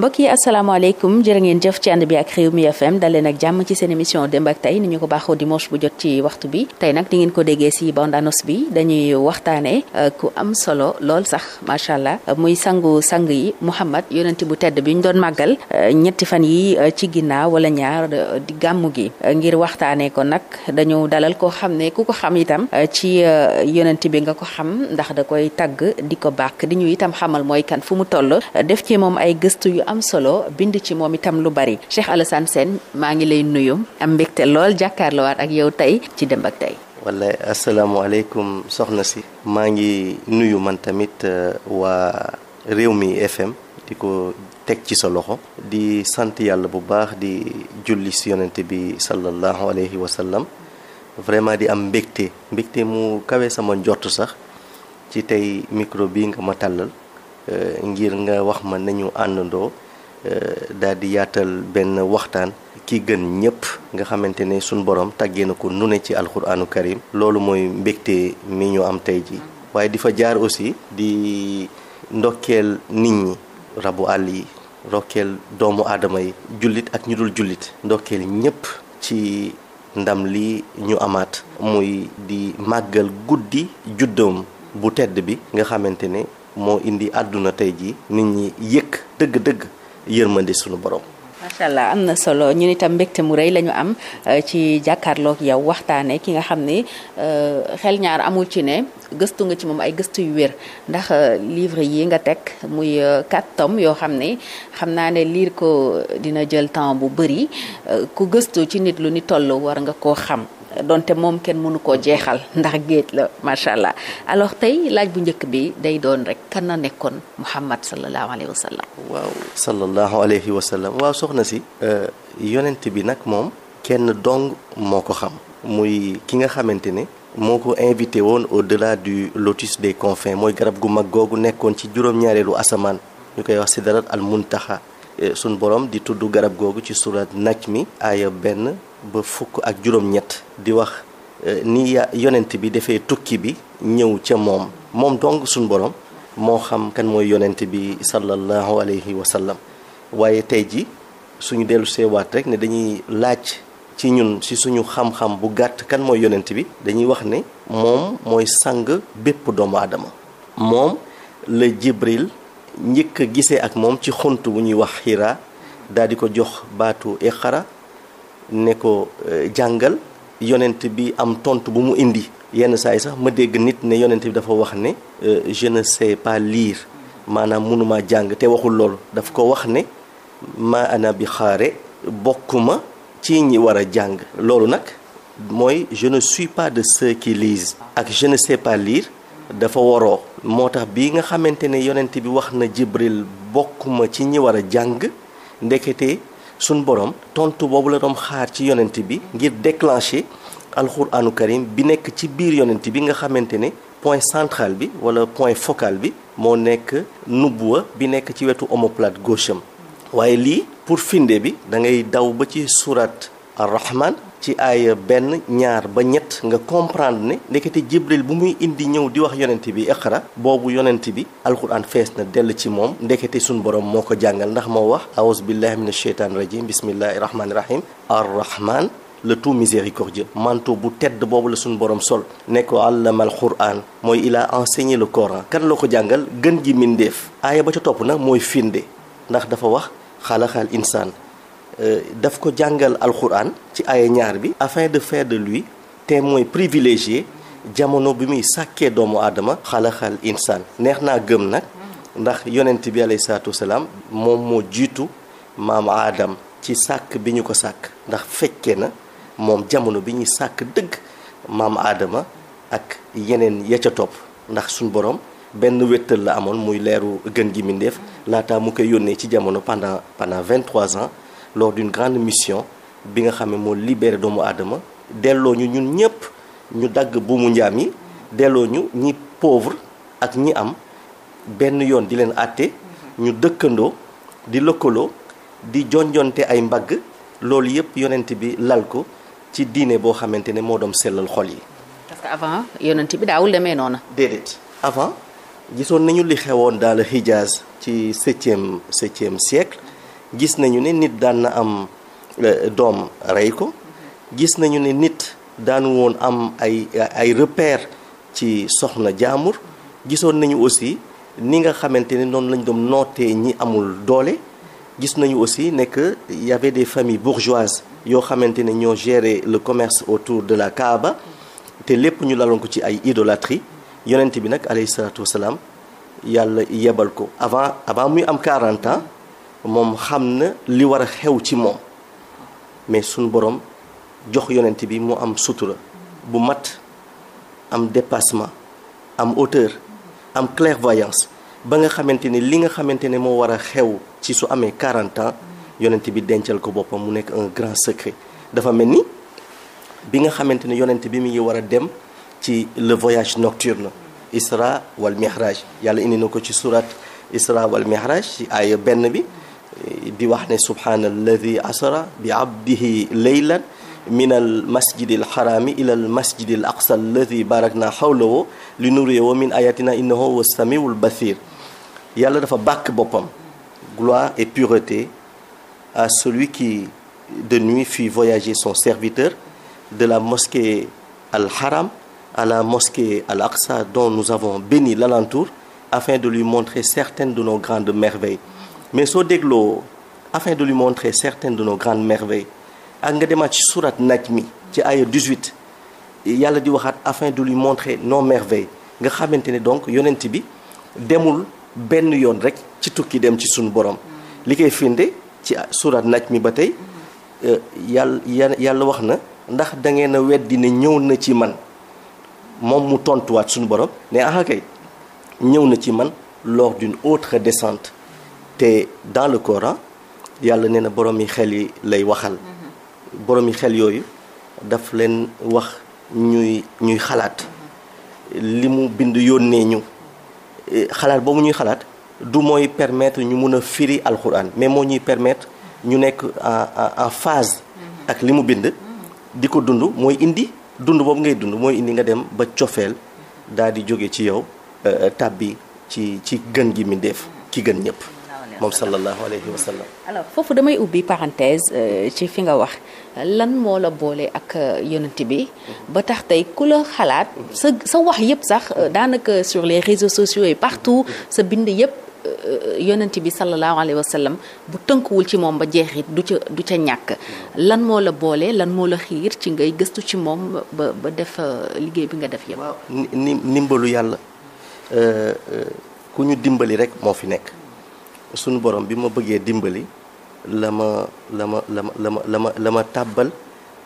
mbokk yi asalaamaaleykum jërë ngeen jëf ci ànd bi ak réew mi FM daleen ak jàmm ci seen émission démb ak tey ni ñu ko baaxoo dimanche bu jot ci waxtu bi tey nag di ngeen ko déggee si bandanos bi dañuy waxtaanee euh, ku am solo lool sax macha allah muy sangu sang yi Muhammad yonent bu tedd bi ñu doon màggal euh, ñetti fan yi euh, ci ginnaaw wala ñaar di gàmmu gi ngir waxtaanee ko nag dañu dalal koo xam ne ku ko xam itam ci yonent bi nga ko xam ndax da koy tagg di ko bàkk di ñuy itam xamal mooy kan fu mu toll def ci moom ay gëstu am solo bind ci moom itam lu bari Cheikh Alassane Sène maa ngi lay nuyu am mbégte lool jàkkaarloowaat ak yow tey ci dem ak Tay wala asalaamaaleykum soxna si maa ngi nuyu man tamit euh, waa réew mi FM di ko teg ci sa loxo di sant yàlla bu baax di julli si yonente bi sallallahu alayhi wa sallam vraiment di am mbégte mbégte mu kawe sama njort sax ci tey micro bi nga ma tàllal euh, ngir nga wax ma nañu àndandoo Euh, daal di yaatal benn waxtaan ki gën ñëpp nga xamante ne suñ borom tàggee na ko nu ne ci alquraanu karim loolu mooy mbégte mi ñu am tey ji waaye di fa jaar aussi di ndokkeel nit ñi rabu àll yi ndokkeel doomu aadama yi jullit ak ñu dul jullit ndokkeel ñëpp ci ndam li ñu amaat muy di màggal guddi juddoom bu tedd bi nga xamante ne moo indi àdduna tey ji nit ñi yëkk dëgg-dëgg yërmande suñu borom. macha allah am na solo ñun itam mbégte mu rey la ñu am euh, ci jàkkaarloog yow waxtaanee ki nga xam ni euh, xel ñaar amul ci ne gëstu nga ci moom ay gëstu yu wér ndax euh, livre yi nga teg muy quatre tomes yoo xam ni xam naa ne liir ko dina jël temps bu bëri ku gëstu ci nit lu ni toll war nga koo xam. donte moom kenn mënu koo jeexal ndax géej la macha allah alors tey laaj bu njëkk bi day doon rek kenn na nekkoon Muhammad sallallahu alayhi wa sallam. waaw sallallahu alayhi wa sallam waaw soxna si. Euh, yonent bi nag moom. kenn dong moo ko xam. muy ki nga xamante ni moo ko invité woon au delà du lotus de confin mooy garab gu mag googu nekkoon ci juróom-ñaareelu asamaan ñu koy wax si sidratul muntaha. sun borom di tudd garab googu ci surat mi aaya benn. ba fukk ak juróom-ñett di wax eh, ni yonent bi defee tukki bi ñëw ca moom moom dong suñ borom moo xam kan mooy yonent bi sallallahu alayhi wa sallam waaye tey ji suñu dellu waat rek ne dañuy laaj ci ñun si suñu xam-xam bu gàtt kan mooy yonent bi dañuy wax ne moom mooy sang bépp doomu aadama moom la jibril njëkk a gisee ak moom ci xunt bu ñuy wax xiraa daal di ko jox baatu iqara ne ko eh, jàngal yonent bi am tontu bu mu indi yenn saa sax ma dégg nit ne yonent bi dafa wax ne eh, je ne sais pas lire maanaam mënumaa jàng te waxul loolu daf ko wax ne maanaam bi xaare ma ci ñi war a jàng loolu nag mooy je ne pas de ceux qui ak je ne sais pas dafa waroo moo tax bi nga xamante ne yonent bi wax na Jibril bokkuma ci ñi war a jàng ndekete suñ borom tontu boobu la doon xaar ci yonent bi ngir déclencher alxuraanu karim bi nekk ci biir yonent bi nga xamante ne point central bi wala point focale bi moo nekk nubuwa bi nekk ci wetu omoplate gauche am waaye lii pour finde bi da ngay daw ba ci surat ar-Rahman ci ay benn ñaar ba ñett nga comprendre ne ndekete jibril bu muy indi ñëw di wax yonent bi iqra boobu yonent bi alquran fees na dell ci moom ndekete suñ borom moo ko jàngal ndax moo wax aouzu billahi min asheytan rajim bismillahi rahmani rahim arrahman le tout miséricordieux manteau bu tedd boobu la suñu borom sol ne ko àllamal quran mooy il a enseigné le coran kan loo ko jàngal gën ji mindeef aaya ba ca topp nag mooy finde ndax dafa wax xalaxal insaan Euh, daf ko jàngal alxuraan ci ay ñaar bi affaire de faire de lui témoin privilégié jamono bi muy sàkkee doomu aadama xalaxal insaan neex naa gëm nag ndax yonent bi alayhi salaatu wasalaam moom moo jiitu maamu aadam ci sàkk bi ñu ko sàkk ndax fekke na moom jamono bi ñuy sàkk dëgg maamu aadama ak yeneen ya ca topp ndax suñ borom benn wéttal la amoon muy leeru gën gi mbindéef laataa mu koy yónnee ci jamono pendant pendant vingt-trois ans lors d'une grande mission bi nga xam moo libéré doomu aadama delloo ñu ñun ñëpp ñu dagg buumu njaam yi delloo ñu ñi pauvre ak ñi am benn yoon di leen àtte ñu dëkkandoo di lëkkaloo di jonjonte ay mbagg loolu yëpp yonent bi lal ko ci diine boo xamante ne moo doom sellal xol yi. parce que avant yonent bi daawul demee noonu. déedéet avant gisoon nañu li xewoon dans le Hijaz ci septième septième siècle gis nañu ne nit daan na am euh, doom rey ko gis nañu ne nit daanu woon am ay ay ci soxna jaamur gisoon nañu aussi ni nga xamante ne noonu lañ doom nootee ñi amul doole gis nañu aussi nekk que y famille des familles yoo xamante ne ñoo gérer le commerce autour de la Kaaba te lépp ñu laloon ko ci ay idolâtrie yonent bi nag alayhi salaatu yàlla yebal ko avant avant muy am 40 ans moom xam na li war a xew ci moom mais sunu borom jox yonent bi mu am sutura bu matt am dépassement am hauteur am clairvoyance ba nga xamante ni li nga xamante ne moo war a xew ci su amee 40 ans yonent bi dencal ko boppam mu nekk un grand secret dafa mel ni bi nga xamante ne yonent bi mu ngi war a dem ci le voyage nocturne Isra wal Mihraj yàlla indi na ko ci surat Isra wal Mihraj ci aaya benn bi di wax ne subhaana alladi asra bi abdihi leylan min al masjidi ila al masjidi al barakna xawlawo li nuriyewo min ayatina innahu huwa samiul basir yàlla dafa bàkk boppam gloire et pureté à celui qui de nuit fit voyager son serviteur de la mosquée al haram à la mosquée al dont nous avons béni l'alentour afin de lui montrer certaines de nos grandes merveilles mais soo dégloo afin de lui montrer certaines de nos grandes merveilles ak nga demaat ci surat naj mi ci aaya 18 yàlla di waxaat afin de lui montrer nos merveilles nga xamante ne donc yonent bi demul benn yoon rek ci tukki dem ci suñu borom li koy firnde ci surat naj mi ba tey euh, yàlla yàlla wax na ndax da ngeen a weddi ne ñëw na ci man moom mu tontuwaat suñu borom ne ah ñëw na ci man lors d'une autre descente te dans le Coran yàlla nee na borom yi xel yi lay waxal. Mm-hmm. borom xel yooyu daf leen wax ñuy ñuy xalaat mm-hmm. li mu bind yónnee ñu eh, xalaat boobu ñuy xalaat du mooy permettre ñu mun a firi alxuraan mais moo ñuy permettre ñu nekk en phase. Mm-hmm. ak li mu bind. di ko dund mooy indi dund boobu ngay dund mooy indi nga dem ba cofeel daal di jóge ci yow eh, eh, tàbbi ci ci gën gi mi def ki gën ñëpp. moom sallallahu alayhi wa sallam. alors foofu damay ubbi parenthèse euh, ci fi nga wax lan moo la boole ak euh, yonent bi ba tax tey ku la xalaat sa sa wax yëpp sax euh, daanaka sur les réseaux sociaux et partout sa bind yëpp yonent bi sallallahu alayhi wa sallam bu tënkuwul ci moom ba jeexit du ca du ca ñàkk lan moo la boole lan moo la xiir ci ngay gëstu ci moom ba def liggéey bi nga def yëpp. waaw ndimbalu yàlla ku ñu dimbali rek moo fi nekk. sunu borom bi ma bëggee dimbali la ma la ma la ma la ma la tàbbal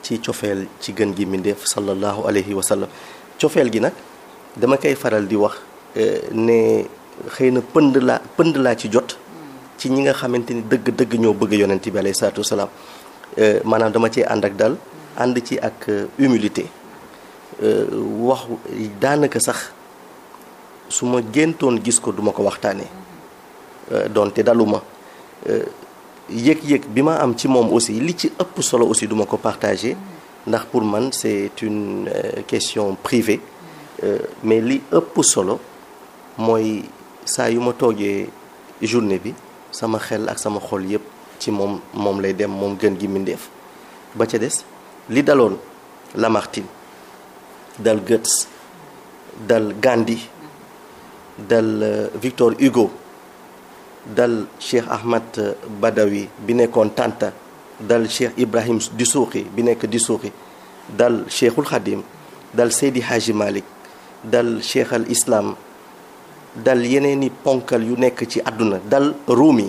ci cofeel ci gën gi mbindeef sallallahu alayhi wa sallam cofeel gi nag dama koy faral di wax euh, ne xëy na pënd laa pënd laa ci jot ci ñi nga xamante ni dëgg dëgg ñoo bëgg yonent bi alayhi salaatu wasalaam euh, maanaam dama cee ànd ak dal ànd ci ak euh, humilité wax daanaka sax su ma géntoon gis ko duma ko waxtaanee Euh, donte daluma euh, yëg-yëg bi ma am ci moom aussi li ci ëpp solo aussi duma ko partager ndax pour man c'est une euh, question privée mais li ëpp solo mooy saa yu ma toogee journée bi sama xel ak sama xol yëpp ci moom moom lay dem moom gën gi mbindeef ba ca des li daloon lamartin dal Goethe dal Gandhi dal Victor Hugo dal Cheikh Ahmad Badawi bi nekkoon tànta dal Cheikh Ibrahim Dissouqi bi nekk di Dissouqi dal Cheikhul xadim dal Seydi Haji Malick dal Cheikh al Islam dal yeneeni ponkal yu nekk ci àdduna dal Rumi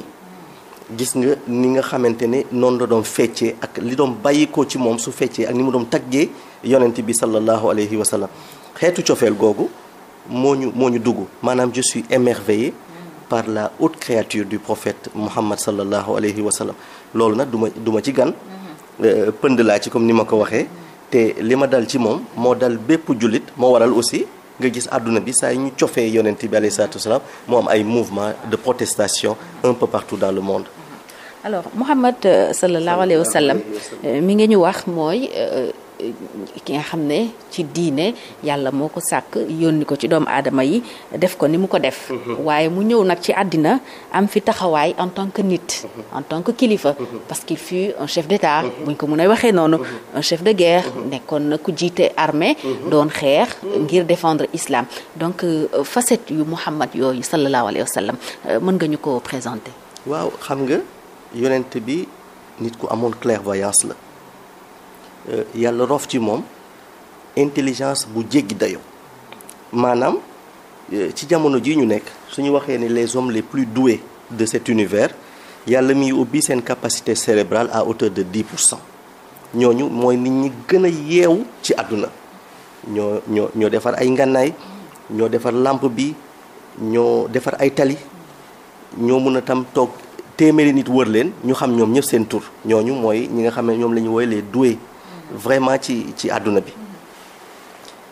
gis nga ni nga xamante ne noonu la doon feccee ak li doon bàyyikoo ci moom su feccee ak ni mu doom taggee yonent bi sallallahu alayhi wa xeetu cofeel googu moo ñu moo ñu dugg maanaam je suis par la haute créature du prophète Muhammad sallallahu alayhi wa loolu nag du ma du ma ci gan. Mhm. Euh, pënd laa ci comme ni ma ko waxee. te li ma dal ci moom moo dal bépp jullit moo waral aussi nga gis àdduna bi saa ñu cofee yonent bi alayhi salaatu wasalaam moo am ay mouvement de protestation un peu partout dans le monde. alors Muhammad euh, sallallahu alayhi wa sallam euh, mi nga ñu wax mooy ki nga xam ne ci diine yàlla moo ko sàkk yónni ko ci doomu aadama yi def ko ni mu ko def mhm. waaye mu ñëw nag ci àddina am fi taxawaay en tant que nit mhm. en tant que kilifa mhm. parce qu'il fut un chef d'état buñ ko mun a waxee noonu un chef de guerre nekkoon na ku jiite armée doon xeex ngir défendre islam donc euh, facette yu Muhammad yooyu sallallahu alayhi wa euh, mën nga ñu ko présenter waaw xam nga yonent bi nit ku amoon clairvoyance la Euh, yàlla rof ci moom intelligence bu jéggi dayoo maanaam euh, ci jamono ji ñu nekk su suñu waxee ne les hommes les plus doués de cet univers yàlla miy ubbi seen capacité cérébrale à hauteur de 10 pour cent ñooñu mooy nit ñi gën a yeewu ci àdduna ñoo ñoo ñoo defar ay ngànnaay ñoo defar làmp bi ñoo defar ay tali ñoo mën a tam toog téeméeri nit wër leen ñu xam ñoom ñëpp seen tur ñooñu mooy ñi nga xam ne ñoom la ñu woowee les doués vraiment ci ci àdduna bi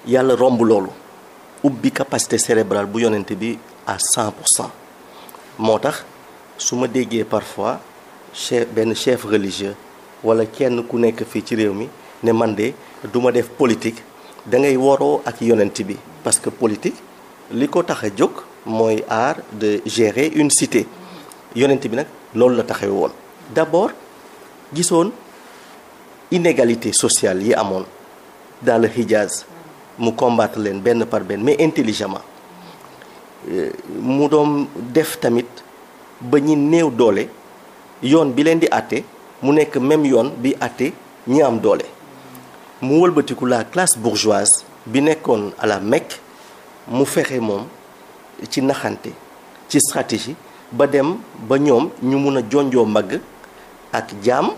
yàlla romb loolu ubbi capacité cérébrale bu yonent bi à cent pour cent moo tax su ma déggee parfois chef benn chef religieux wala kenn ku nekk fii ci réew mi ne man de du def politique da ngay waroo ak yonent bi parce que politique li ko tax a jóg mooy art de gérer une cité yonent bi nag loolu la taxaw woon d'abord gisoon inégalité sociale yi amoon dans le Hijaz mu combattre leen benn par benn mais intelligemment euh, mu doom def tamit ba ñi néew doole yoon bi leen di àtte mu nekk même yoon bi àtte ñi am doole mu wëlbatiku la classe bourgeoise bi nekkoon à la mu fexe moom ci naxante ci stratégie ba dem ba ñoom ñu mun a jonjoo mbagg ak jaam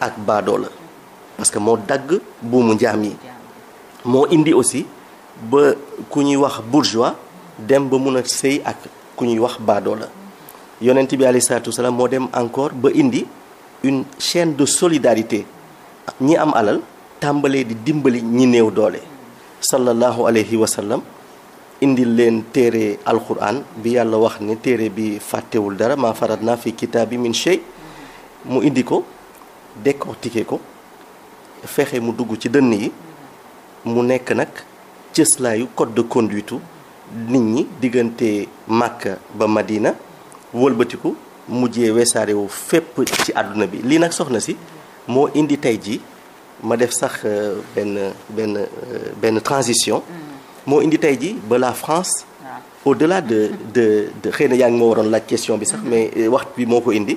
ak baadoo la parce que moo dagg buumu njaam yi moo indi aussi ba ku ñuy wax bourgeois dem ba mun a sëy ak ku ñuy wax baadoola yonent bi alayhi salaatu wasalaam moo dem encore ba indi une chaîne de solidarité ñi am alal tàmbalee di dimbali ñi néew doole sallallahu alayhi wa sallam indi leen téere alquran bi yàlla wax ne téere bi fàttewul dara ma farat naa fi kitaabi min mu indi ko décortiquer ko fexe mu dugg ci dënn yi mu nekk nag cëslaayu code de conduite nit ñi diggante Màkka ba Madina walbatiku mujje weesaare fépp ci àdduna bi lii nag soxna si moo indi tey ji ma def sax euh, benn benn euh, benn transition mm. moo indi tey ji ba la France au-delà de de xëy na yaa ngi ma waroon laaj question bi sax mm-hmm. mais euh, waxtu bi moo ko indi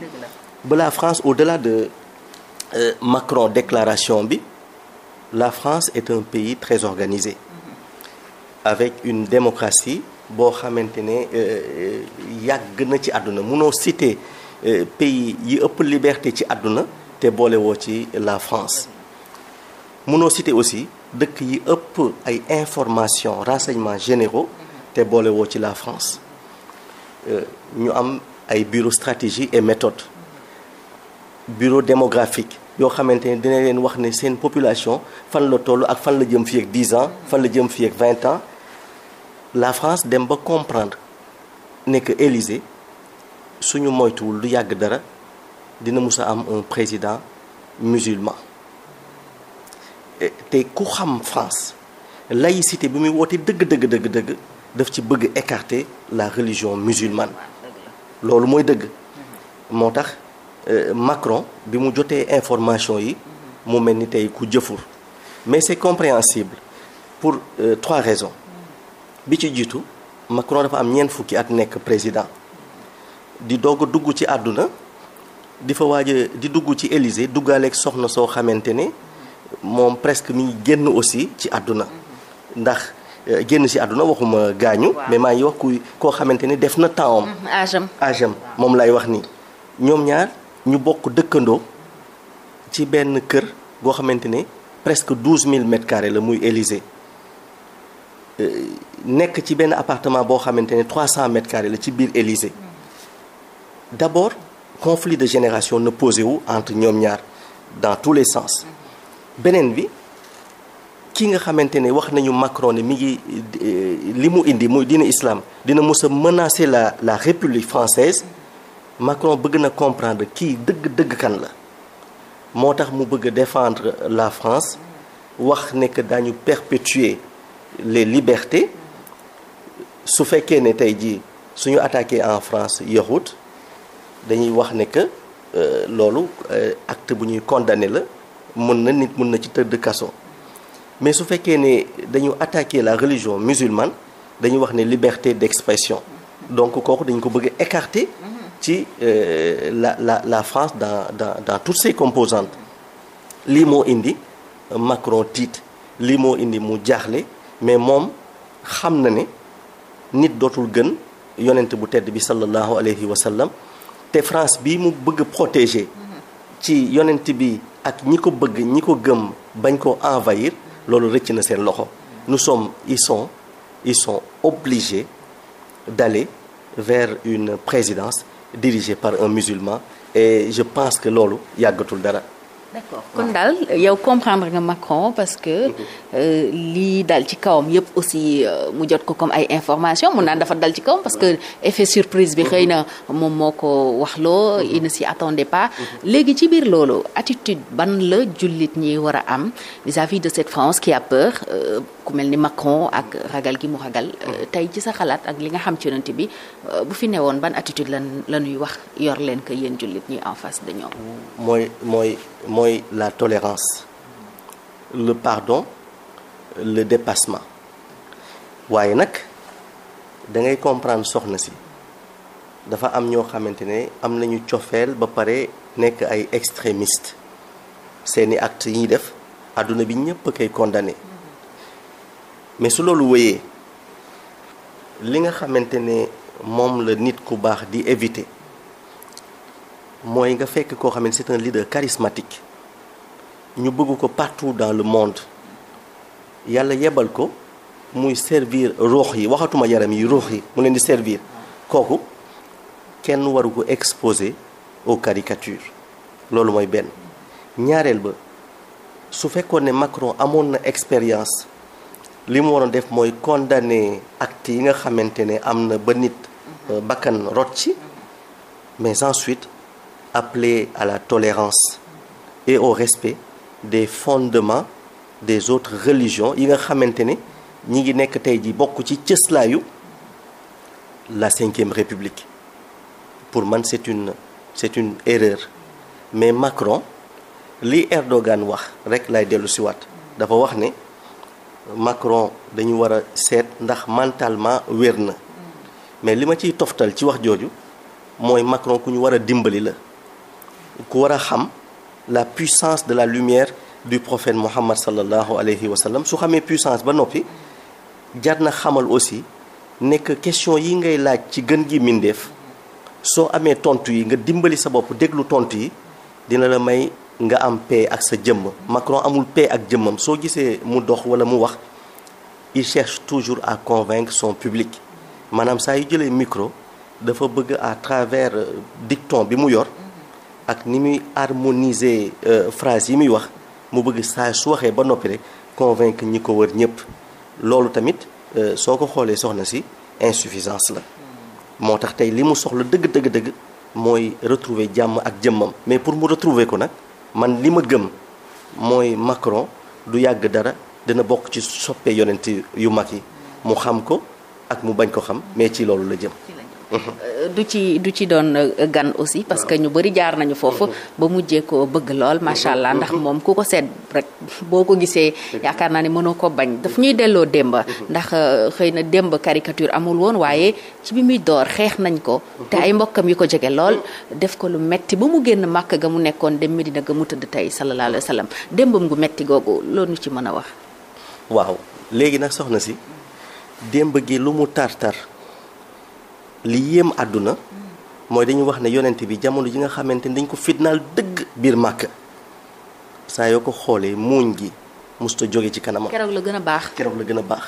ba la France au-delà de Euh, Macron déclaration bi la France est un pays très organisé avec une démocratie boo xamante ne euh, euh, yàgg na ci àdduna munoo citer pays yi ëpp liberté ci àdduna te boole woo ci la France munoo citer aussi dëkk yi ëpp ay information renseignements généraux te boole woo ci la France ñu am ay bureau stratégie et méthode bureau démographique yoo xamante ne dina leen wax ne seen population fan la toll ak fan la jëm fii ak 10 ans fan la jëm fii ak 20 ans la France dem ba comprendre ne que Élysée suñu moytuwul du yàgg dara dina mus a am un président musulman te ku xam France laïcité bi muy wootee dëgg dëgg dëgg def ci bëgg écarter la religion musulmane loolu mooy dëgg moo tax. Euh, Macron bi mu jotee information yi mu mel ni tey ku jëfur mais c'est compréhensible pour euh, trois raisons bi ci jiitu Macron dafa am ñeent fukki at nekk président di doog dugg ci àdduna di fa waaj di dugg ci Élysée duggaaleeg soxna soo xamante ne moom presque mi génn aussi ci àdduna ndax euh, génn si àdduna waxuma gaañu. mais maa ngi wax kuy koo xamante ni def na temps am. âge moom lay wax ni ñoom ñaar. ñu bokk dëkkandoo ci benn kër goo xamante ni presque douze mille mètres la muy Élysée euh, nekk ci benn appartement boo xamante ne trois cent mètres carré la ci biir Élysée d'abord conflit de génération na posé wu entre ñoom ñaar dans tous les sens beneen bi ki nga xamante ne wax nañu Macron ne mi ngi euh, li mu indi muy dina islam dina mës a menacer la la République française Macron bëgg na comprendre kii dëgg-dëgg kan la moo tax mu bëgg a la France wax ne que daañu perpétuer les libertés su fekkee ne tey jii suñu attaqué en France yaxut dañuy wax ne que euh, loolu euh, acte bu ñuy condamné la mën na nit mun na ci tëdd kaso mais su fekkee ne dañu attaqué la religion musulmane dañuy wax ne liberté d'expression donc kooku dañ ko bëgg écarter ci euh, la la la France dans dans dans toutes ses composantes lii moo indi Macron tiit lii moo indi mu jaaxle mais moom xam na ne nit dootul gën yonent bu tedd bi sallallahu alayhi wa sallam te France bi mu bëgg protégé ci yonent bi ak ñi ko bëgg ñi ko gëm bañ ko envahir loolu rëcc na seen loxo nous sommes ils sont ils sont obligés d'aller vers une présidence dirigé par un musulman et je pense que loolu yàggatul dara d'accord kon daal yow comprendre nga Macron parce que mhm. euh, lii dal ci kawam yëpp aussi euh, mu jot ko comme ay information mun naan dafa dal ci kawam parce que effet surprise bi xëy na mhm. moom moo ko wax loo mhm. ne si attendait pas léegi ci biir loolu attitude ban la jullit ñi war a am vis-à-vis de cette France qui a peur euh, ku mel ni Macron ak ragal gi mu ragal tey ci sa xalaat ak li nga xam ci yonent bi bu fi newoon ban attitude lan la ñuy wax yor leen que yéen jullit ñi en face de ñoom mooy mooy mooy la tolérance le pardon le dépassement waaye nag da ngay comprendre soxna si dafa am ñoo xamante ne am nañu cofeel ba pare nekk ay extrémiste seeni actes yi ñuy def adduna bi ñëpp koy condamné mais su loolu wéyee li nga xamante ne moom la nit ku baax di éviter mooy nga fekk koo xam ne c'est un leader charismatique ñu bëgg ko partout dans le monde yàlla yebal ko muy servir ruux yi waxatuma yaram yi ruux yi mu leen di servir kooku kenn waru ko exposer aux caricatures loolu mooy benn ñaareel ba su fekkoon ne Macron amoon na expérience li mu waroon def mooy condamner acte yi nga xamante ne am na ba nit euh, bakkan rot ci mais ensuite appeler à la tolerance et au respect des fondements des autres religions yi nga xamante ne ñi ngi nekk tey ji bokk ci cëslaayu la cinquième république pour man c'est une c'est une erreur mais Macron li Erdogan wax rek lay dellu si waat dafa wax ne Macron dañu war a seet ndax mentalement wér na mais li ma ciy toftal ci wax jooju mooy Macron ku ñu war a dimbali la ku war a xam la puissance de la lumière du prophète Muhammad sallallahu alayhi wa sallam su xamee puissance ba noppi jar na xamal aussi nekk question yi ngay laaj ci gën gi mindeef soo amee tontu yi nga dimbali sa bopp déglu tontu yi dina la may nga am paix ak sa jëmm Macron amul paix ak jëmmam soo gisee mu dox wala mu wax il cherche toujours à convaincre son public maanaam saa yu jëlee micro dafa bëgg à travers dicton bi mu yor ak ni muy harmoniser euh, phrase yi muy wax mu bëgg saa su waxee ba noppi rek que ñi ko wër ñëpp loolu tamit euh, soo ko xoolee soxna si insuffisance la moo tax tey li mu soxla dëgg dëgg dëgg mooy retrouver jàmm ak jëmmam mais pour mu retrouver ko nag man li ma gëm mooy Macron du yàgg dara dina bokk ci soppe yonent yu mag yi mu xam ko ak mu bañ ko xam mais ci loolu la jëm du ci du ci doon euh, gan aussi parce que ñu bëri jaar nañu foofu ba mujjee ko bëgg lool macha allah ndax moom ku ko seet rek boo ko gisee yaakaar naa ne mënoo ko bañ daf ñuy delloo démba ndax euh, xëy na démb caricature amul woon waaye ci bi muy door xeex nañ ko te ay mbokkam yi ko jege lool def ko lu metti ba mu génn màkk ga mu nekkoon dem Medina ga mu tëdd tey sallallahu alayhi wa sallam démbam gu metti googu loolu ñu ci mën a wax waaw léegi nag soxna si démb gi lu mu tar li yéem àdduna mooy dañu wax ne yonent bi jamono ji nga xamante ni dañ ko fitnaal dëgg biir màkk saa yoo ko xoolee muuñ gi musta jóge ci kanamam keroog la gën a baax keroog la gën a baax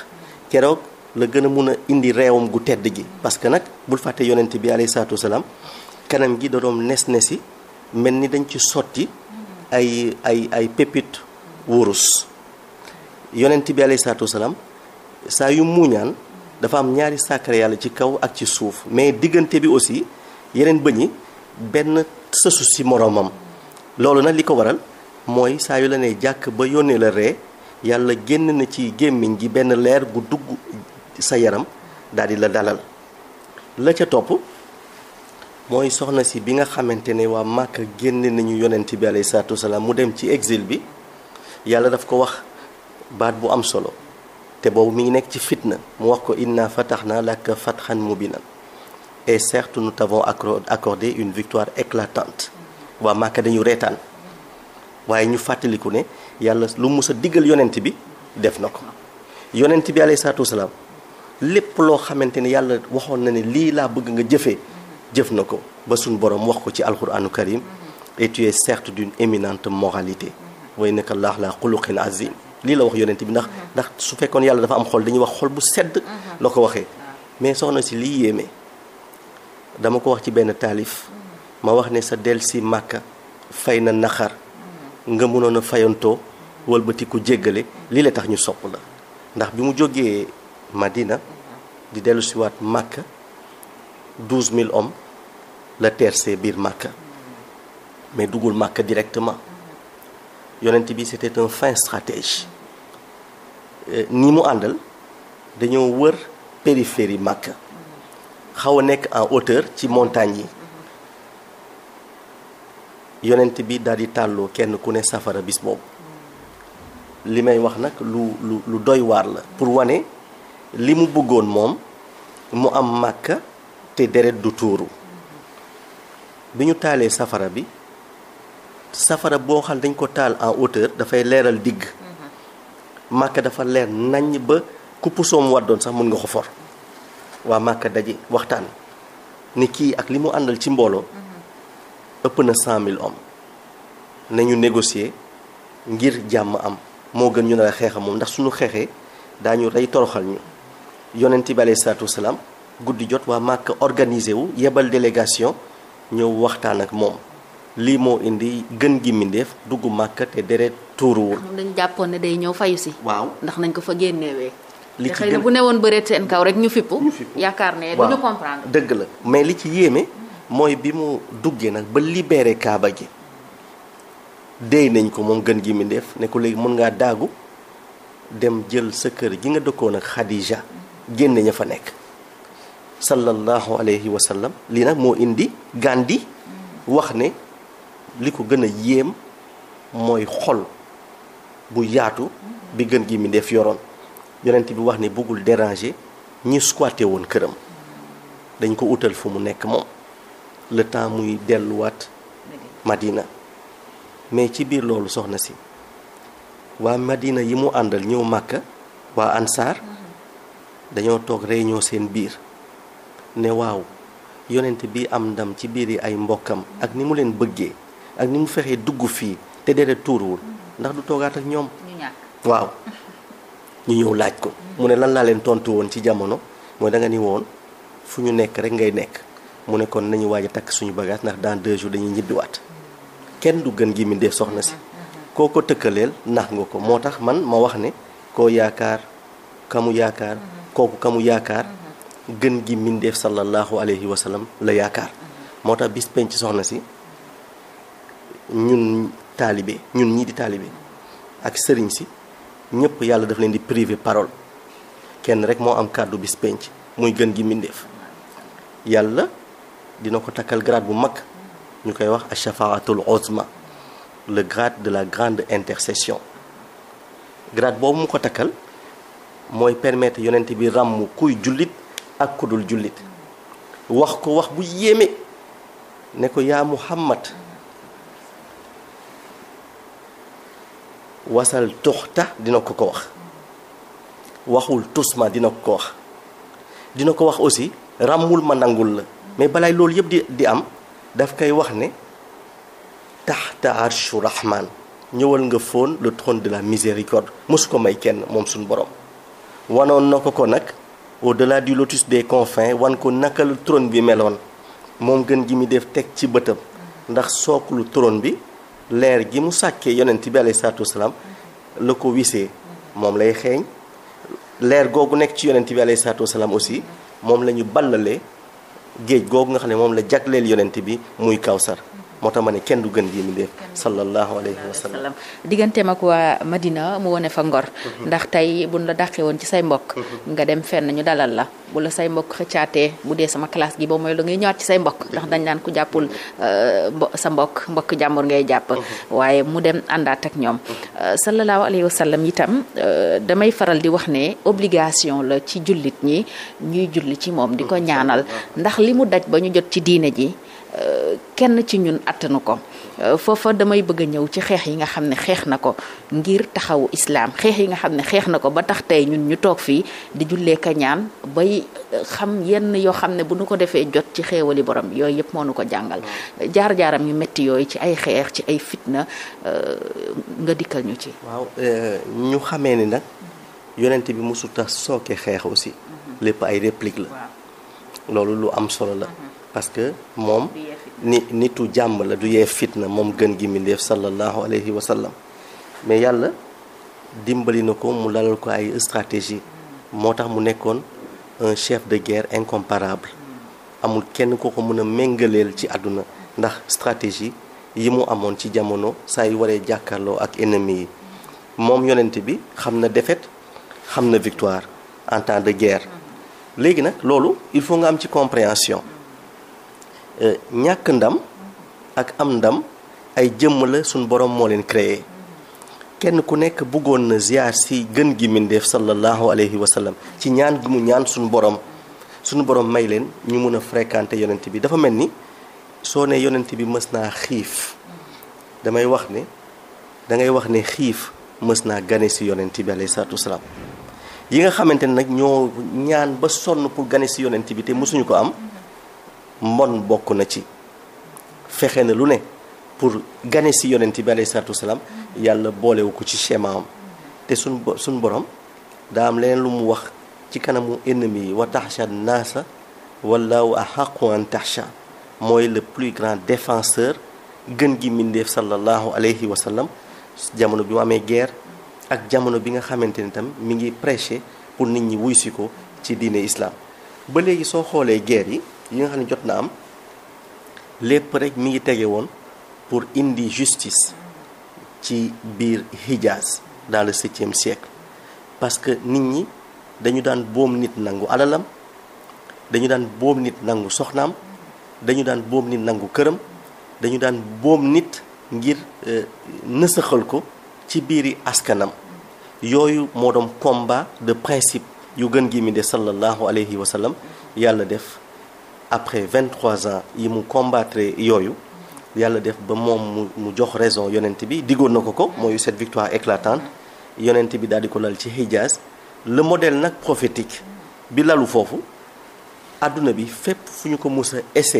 keroog la gën a mun a indi reewam gu tedd gi parce que nag bul fàtte yonent bi alayhi salaatu wasalaam kanam gi da doom nes nesi mel ni dañ ci sotti ay ay ay pépite wurus yonent bi alayhi salaatu wasalaam saa yu muuñaan dafa am ñaari sacré yàlla ci kaw ak ci suuf mais diggante bi aussi yeneen bëñ yi benn sësu si moroomam loolu nag li ko waral mooy saa yu la ne jàkk ba yónnee la ree yàlla génn na ci gémmiñ gi benn leer gu dugg sa yaram daal di la dalal la ca topp mooy soxna si bi nga xamante ne waa Màkka génn nañu yonent bi alayhi salaatu wasalaam mu dem ci exil bi yàlla daf ko wax baat bu am solo te boobu mi ngi nekk ci fitna mu wax ko inna fatahna laka fathan mubinan et certes nous t'avons accordé une victoire éclatante waa Màkka dañu reetaan waaye ñu fàttaliku ne yàlla lu mus a diggal yonent bi def na ko yonent bi alayhi salaatu wasalaam lépp loo xamante ne yàlla waxoon na ne lii laa bëgg nga jëfee jëf na ko ba suñ borom wax ko ci alquranu karim et tu es d'une éminente moralité wa innaka la ala xuluqin azim lii la wax yonent bi ndax mhm. ndax su fekkoon yàlla dafa am xol dañuy wax xol bu sedd mhm. la ko waxee ah. mais soxna si lii yéeme dama ko wax ci benn taalif mhm. ma wax ne sa del si màkka fay na naxar nga mënoon a fayantoo wëlbatiku jéggale lii la tax ñu sopp la ndax bi mu jógee Madina di dellu siwaat màkka douze mille hommes la teersee biir màkka mais duggul màkka directement yonent bi c'était un fin stratège Eh, ñi mu àndal dañoo wër périphérie Makka xaw a nekk en hauteur ci montagne yi yonent bi daal di tàlloo kenn ku ne safara bis boobu li may wax nag lu lu lu la pour wane li mu bëggoon moom mu am Makka te deret du tuuru bi ñu taalee safara bi safara boo xam dañ ko taal en auteur dafay leeral digg màkk dafa leer naññ ba ku pusoom wàddoon sax mun nga ko for waa màkk daje waxtaan ni kii ak li mu àndal ci mbooloo ëpp na cent mille hommes nañu négocier ngir jàmm am moo gën ñu ne la xeexa moom ndax suñu xeexee daañu rey toroxal ñu yonent bi alayhi salaatu wasalaam guddi jot waa màkk organisé wu yebal délégation ñëw waxtaan ak moom lii moo indi gën gi mindeef dugg màkk te deret tuuruwul. dañ jàppoon ne day ñëw fayu si. waaw ndax nañ ko fa génnewee. li ci gën xëy na bu newoon bëreet seen kaw rek ñu fippu. yaakaar ne du ñu comprendre. dëgg la mais li ci yéeme mooy bi mu duggee nag ba libeere kaaba ji déy nañ ko moom gën gi mindeef ne ko léegi mën ngaa daagu dem jël sa kër gi nga dëkkoon ak Khadija génne ña fa nekk. sallallahu alayhi wa sallam lii nag moo indi Gandhi wax ne. li ko gën a yéem mooy xol bu yaatu bi gën gi mi def yoroon yonent bi wax ne bëggul déranger ñi squatté woon këram dañ ko utal fu mu nekk moom le temps muy delluwaat Madina mais ci biir loolu soxna si waa Madina yi mu àndal ñëw Màkka waa Ansaar dañoo toog réunion seen biir ne waaw yonent bi am ndam ci biir yi ay mbokkam ak ni mu leen bëggee ak ni mu fexee dugg fii te deret tuuruwul ndax du toogaat ak ñoom. waaw ñu ñëw laaj ko. Mm-hmm. mu ne lan laa leen tontu woon ci jamono mooy da nga ni woon fu ñu nekk rek ngay nekk mu nekkoon kon nañu waaj takk suñu bagage ndax dans deux jours dañuy ñibbiwaat mm-hmm. kenn du gën gi mi soxna si. Mm-hmm. koo ko tëkkaleel nax nga ko moo tax man ma wax ne koo yaakaar kamu yaakaar kooku kamu yaakaar gën gi mindeef sallallahu alayhi wa sallam la yaakaar moo tax bis penc soxna si ñun taalibe ñun ñii di taalibe ak sëriñ si ñëpp yàlla daf leen di privé parole kenn rek moo am kàddu bispenc penc muy gën gi mbindeef yàlla dina ko takkal grade bu mag ñu koy wax ashafaatul uzma le grade de la grande intercession grade boobu mu ko takkal mooy permettre yonent bi ràmm kuy jullit ak kudul jullit wax ko wax bu yéeme ne ko yaa muhammad wasal tuxta dina ko ko wax waxul tusma dina ko ko wax dina ko wax aussi ràmmul ma nangul la mais balaay loolu yëpp di di am daf koy wax ne taxta arshu rahman ñëwal nga fóon lu trône de la miséricorde mosu ko may kenn moom suñu borom wanoon na ko ko nag au delà du lotus des confins wan ko naka la trône bi meloon moom gën gi mi def teg ci bëtam ndax sooklu trône bi leer gi mu sàkkee yonent bi alayhi salaatu wasalaam la ko wisee moom lay xeeñ leer googu nekk ci yonent bi alayhi salaatu wasalaam aussi moom la ñu ballalee géej googu nga xam ne moom la jagleel yonent bi muy Kawsar moo tax ma ne kenn du gën ji mbindéef sallallahu alayhi wa sallam digganteem ak waa Madina mu wone fa ngor mhm. ndax tey buñ la dàqee woon ci say mbokk mhm. nga dem fenn ñu dalal la bu la say mbokk xëccaatee bu dee sama classe gi boo mooy la ngay ñëwaat ci say mbokk mhm. ndax dañ naan ku jàppul euh, sa mbokk mbokk jàmbur ngay jàpp waaye mu dem àndaat ak ñoom euh, sallallahu alayhi wa sallam itam euh, damay faral di wax ne obligation la ci jullit ñi ñuy julli ci moom di ko ñaanal ndax li mu daj ba ñu jot ci diine ji kenn ci ñun attanu ko euh, foofa damay bëgg a ñëw ci xeex yi nga xam ne xeex na ko ngir taxawu islaam xeex yi nga xam ne xeex na ko ba tax tey ñun ñu toog fii di jullee ka ñaan bay euh, xam yenn yoo xam ne bu nu ko defee jot ci xéewali borom yooyu yëpp moo nu ko jàngal jaar-jaaram yu métti yooyu ci ay xeex ci ay fitna euh, nga dikkal ñu ci waaw ñu xamee ni nag yonent bi mosuta sooke xeex aussi mm-hmm. lépp ay réplique la loolu lu am solo la mm-hmm. parce que moom ni nitu jàmm la du yee fitna moom gën gi mbindéef sallallahu alayhi wa sallam mais yàlla dimbali na ko mu lalal ko ay stratégie moo tax mu nekkoon un chef de guerre incomparable amul kenn ko ko mën a méngaleel ci àdduna ndax stratégie yi mu amoon ci jamono saa yu waree jàkkaarloo ak ennemi yi moom yonent bi xam na défaite xam na victoire en temps de guerre mm-hmm. léegi nag loolu il faut nga am ci compréhension Eh, ñàkk ndam ak am ndam ay jëmm la suñ borom moo leen créer kenn ku nekk bëggoon na ziar si gën gi mindeef sallallahu alayhi wa sallam ci ñaan gi mu ñaan suñu borom suñu borom may leen ñu mën a fréquenter yonent bi dafa mel ni soo ne yonent bi mës naa xiif damay wax ne dangay wax ne xiif mës naa gane si yonent bi alayhi salaatu wasalaam yi nga xamante ne nag ñoo ñaan ba sonn pour gane si yonent bi te mësuñu ko am mbon bokk na ci fexe na lu ne pour gane si yonent bi alayhi salaatu wasalaam yàlla boolewu ko ci schéma te suñ suñ borom daa am leneen lu mu wax ci kanamu ennemi yi wa taxsha naasa wallahu ahaqu an taxsha mooy le plus grand défenseur gën gi mbindeef sallallahu alayhi wa sallam jamono bi mu amee guerre ak jamono bi nga xamante ni tam mi ngi preché pour nit ñi wuy ko ci diine islam ba léegi soo xoolee guerre yi yi nga xam ne jot na am lépp rek mi ngi tege woon pour indi justice ci biir Hijaz dans le septième siècle parce que nit ñi dañu daan boom nit nangu alalam dañu daan boom nit nangu soxnaam dañu daan boom nit nangu këram dañu daan boob nit ngir euh, nësaxal ko ci biiri askanam yooyu moo doon combat de principe yu gën gi mi de sallallahu alayhi wa yàlla def après 23 ans yi mu combattre yooyu yàlla def ba moom mu mu jox raison yonent bi diggoon na ko ko mooyu cette victoire éclatante yonent bi daal di ko lal ci Hijaz la model nag prophétique bi lalu foofu àdduna bi fépp fu ñu ko mës a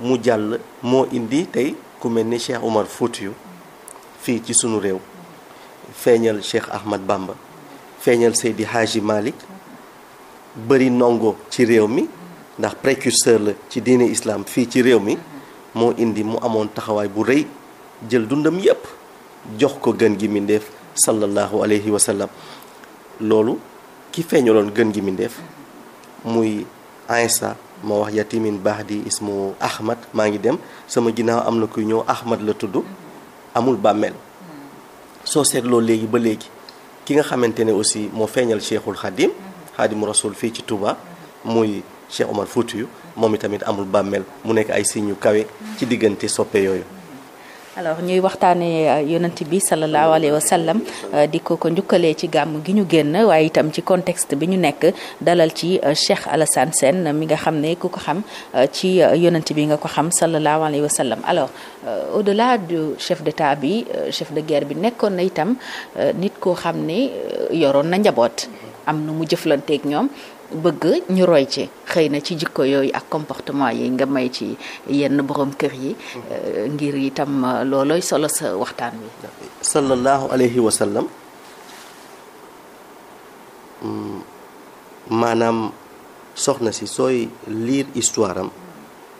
mu jàll moo indi tey ku mel ni Cheikh Omar Foutiyou fii ci sunu réew feeñal sheikh Ahmad Bamba feeñal Seydi Hadji Malick bëri ndongo ci réew mi ndax précurseur la ci diine islaam fii ci réew mi moo indi mu amoon taxawaay bu rëy jël dundam yépp jox ko gën gi mindeef sallallahu alayhi wa loolu ki feeñaloon gën gi mindeef muy Aïssa moo wax yatimin baax di ismu Ahmad maa ngi dem sama ginnaaw am na kuy ñëw Ahmad la tudd amul bàmmeel soo seetloo léegi ba léegi ki nga xamante ne aussi moo feeñal Cheikhul Khadim Khadimu Rasul fii ci Touba Cheikh Omar Foutiyou moom itamit amul bàmmeel mu nekk ay signes yu kawe ci diggante soppe yooyu. alors ñuy waxtaanee euh, yonent bi sallallahu alayhi wa sallam euh, di ko ko njukkalee ci gàmm gi ñu génn waaye itam ci contexte bi ñu nekk dalal ci euh, Cheikh Alassane Sène mi nga xam ne ku ko xam ci yonent bi nga ko xam sallallahu alayhi wa sallam alors au delà du chef d'état bi chef de guerre bi nekkoon na itam nit koo xam ne yoroon na njaboot am nu mu jëflanteeg ñoom bëgg ñu roy ci xëy na ci jikko yooyu ak comportement yi nga may ci yenn borom kër yi euh, ngir itam euh, loolooy solo sa waxtaan wi sallallahu alayhi wa sallam hmm, maanaam soxna si sooy liir histoire am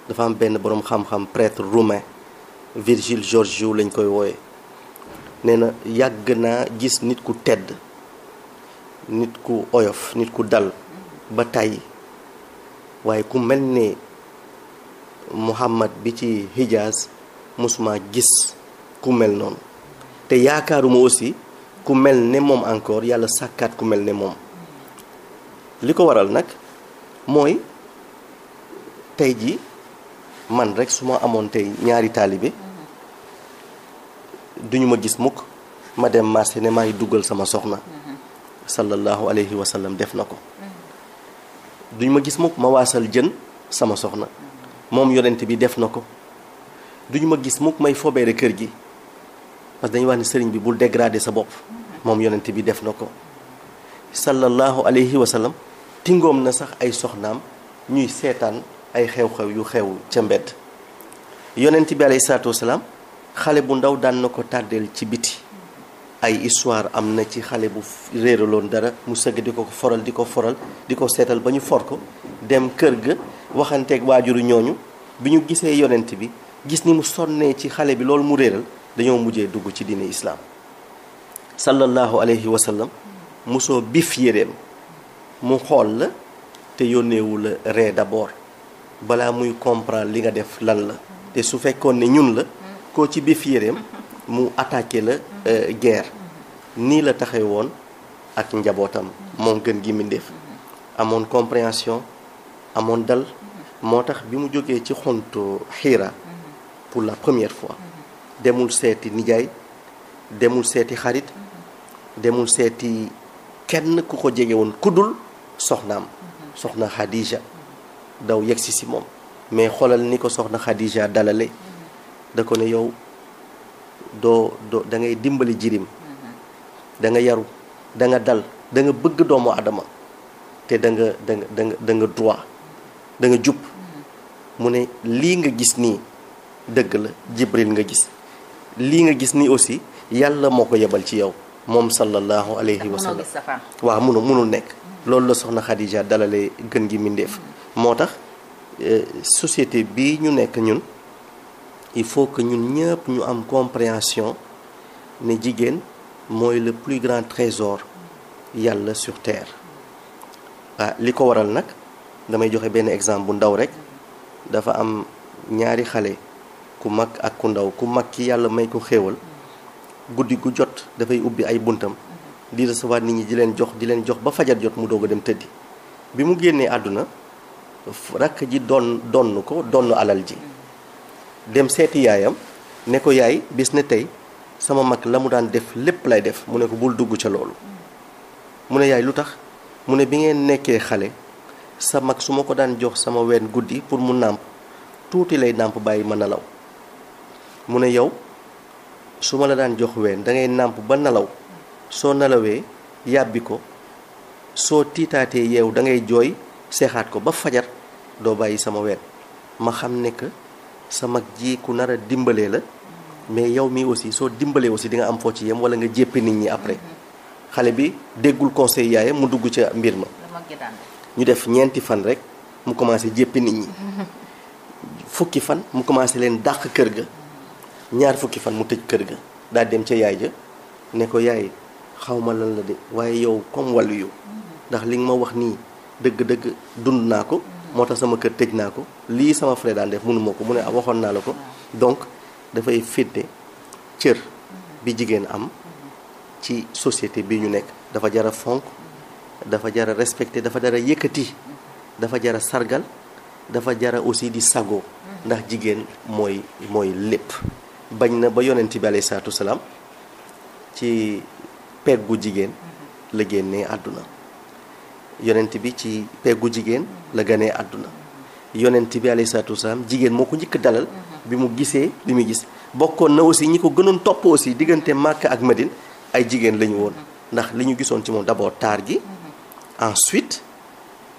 dafa am benn boroom xam-xam prêtre roumain Virgile Georgiou lañ koy wooye nee na yàgg naa gis nit ku tedd nit ku oyof nit ku dal ba tàyyi waaye ku mel ni Muhammad bi ci Hijaaz musuma gis ku mel noonu te yaakaaruma aussi ku mel ni moom encore yàlla sàkkaat ku mel ni moom li ko waral nag mooy tey ji man rek su ma amoon tey ñaari taalibe duñu ma gis mukk ma dem marché ne maay duggal sama soxna mhm. sallallahu alayhi wa sallam def na ko duñ ma gis mukk ma waasal jën sama soxna moom yonent bi def na ko duñ ma gis mukk may fobeere kër gi parce que dañuy wax ni sëriñ bi bul dégrader sa bopp moom yonent bi def na ko sallallahu alayhi wa sallam tingoom na sax ay soxnaam ñuy seetaan ay xew-xew yu xew ca mbedd yonent bi alayhi xale bu ndaw daan na ko tàddeel ci biti ay histoire am na ci xale bu réeraloon dara mu sëgg di ko ko foral di ko foral di ko seetal ba ñu for ko dem kër ga waxanteeg waajuru ñooñu bi ñu gisee yonent bi gis ni mu sonnee ci xale bi loolu mu réeral dañoo mujjee dugg ci diine islaam sallallahu alayhi wa sallam mosoo bif yéreem mu xool la te yónneewu la ree d'abord balaa muy comprendre li nga def lan la te su fekkoon ne ñun la koo ci bif yéreem mu attaqué la euh, guerre nii la taxee woon ak njabootam moom gën gi mbindéef amoon compréhension amoon dal moo tax bi mu jógee ci xontu xiira pour la première fois demul seeti nijaay demul seeti xarit demul seeti kenn ku ko jege woon kuddul soxnaam soxna Khadija daw yegsi si moom mais xoolal ni ko soxna Khadija dalale da ko ne yow doo doo da ngay dimbali jirim danga yaru danga dal danga bëgg doomu aadama te danga nga da nga da nga droit da jub mu ne lii nga gis nii dëgg la jibril nga gis lii nga gis ni aussi yàlla moo ko yebal ci yow moom sallallahu alayhi wa sallam waaw munu munul nekk loolu la soxna Khadija dalale gën gi mbindéef moo tax euh, société bii ñu nekk ñun il faut que ñun ñëpp ñu am compréhension ne jigéen mooy le plus grand trésor yàlla sur terre ah li ko waral nag damay joxe benn exemple bu ndaw rek dafa am ñaari xale ku mag ak ku ndaw ku mag ki yàlla may ko xéewal guddi gu jot dafay ubbi ay buntam di recevoir nit ñi di leen jox di leen jox ba fajar jot mu doog a dem tëddi bi mu génnee àdduna rakk ji doon donn ko donn alal ji dem seeti yaayam ne ko yaay bis ne tey sama mag la mu daan def lépp lay def mu ne ko bul dugg ca loolu mu ne yaay lu tax mu ne bi ngeen nekkee xale sa mag su ma ko daan jox sama ween guddi pour mu nàmp tuuti lay nàmp bàyyi ma nelaw mu ne yow su ma la daan jox ween da ngay nàmp ba nelaw soo nelawee yàbbi ko soo tiitaatee yeew da ngay jooy seexaat ko ba fajar doo bàyyi sama ween ma xam nekk sa mag ji ku nar dimbalee la mais yow mi aussi soo dimbalee aussi di nga am foo ci yem wala nga jéppi nit ñi après xale bi déggul conseil yaayam mu dugg ca mbir ma ñu def ñeenti fan rek mu commencé jéppi nit ñi fukki fan mu commencé leen dàq kër ga ñaar fukki fan mu tëj kër ga daa dem ca yaay ja ne ko yaay xawma lan la de waaye yow comme wàllu yu ndax li nga ma wax nii dëgg-dëgg dund naa ko moo tax sama kër tëj naa ko lii sama frère daan def mënu ma ko mu ne ah waxoon naa la ko donc dafay firnde cër bi jigéen am ci société bi ñu nekk dafa jara fonk dafa jara respecté dafa jara yëkkati dafa jara sargal dafa jara aussi di sago mm-hmm. ndax jigéen mooy mooy lépp bañ na ba yonent bi alayhi salaatu salaam ci bu jigéen mm-hmm. la génnee àdduna yonent bi ci peggu jigéen la gane àdduna yonent bi alayhi salaatu wasalaam jigéen moo ko njëkk dalal bi mu gisee li muy gis bokkoon na aussi ñi ko gënoon topp aussi diggante Màkka ak Madine ay jigéen la ñu woon ndax li ñu gisoon ci moom d'abord taar gi ensuite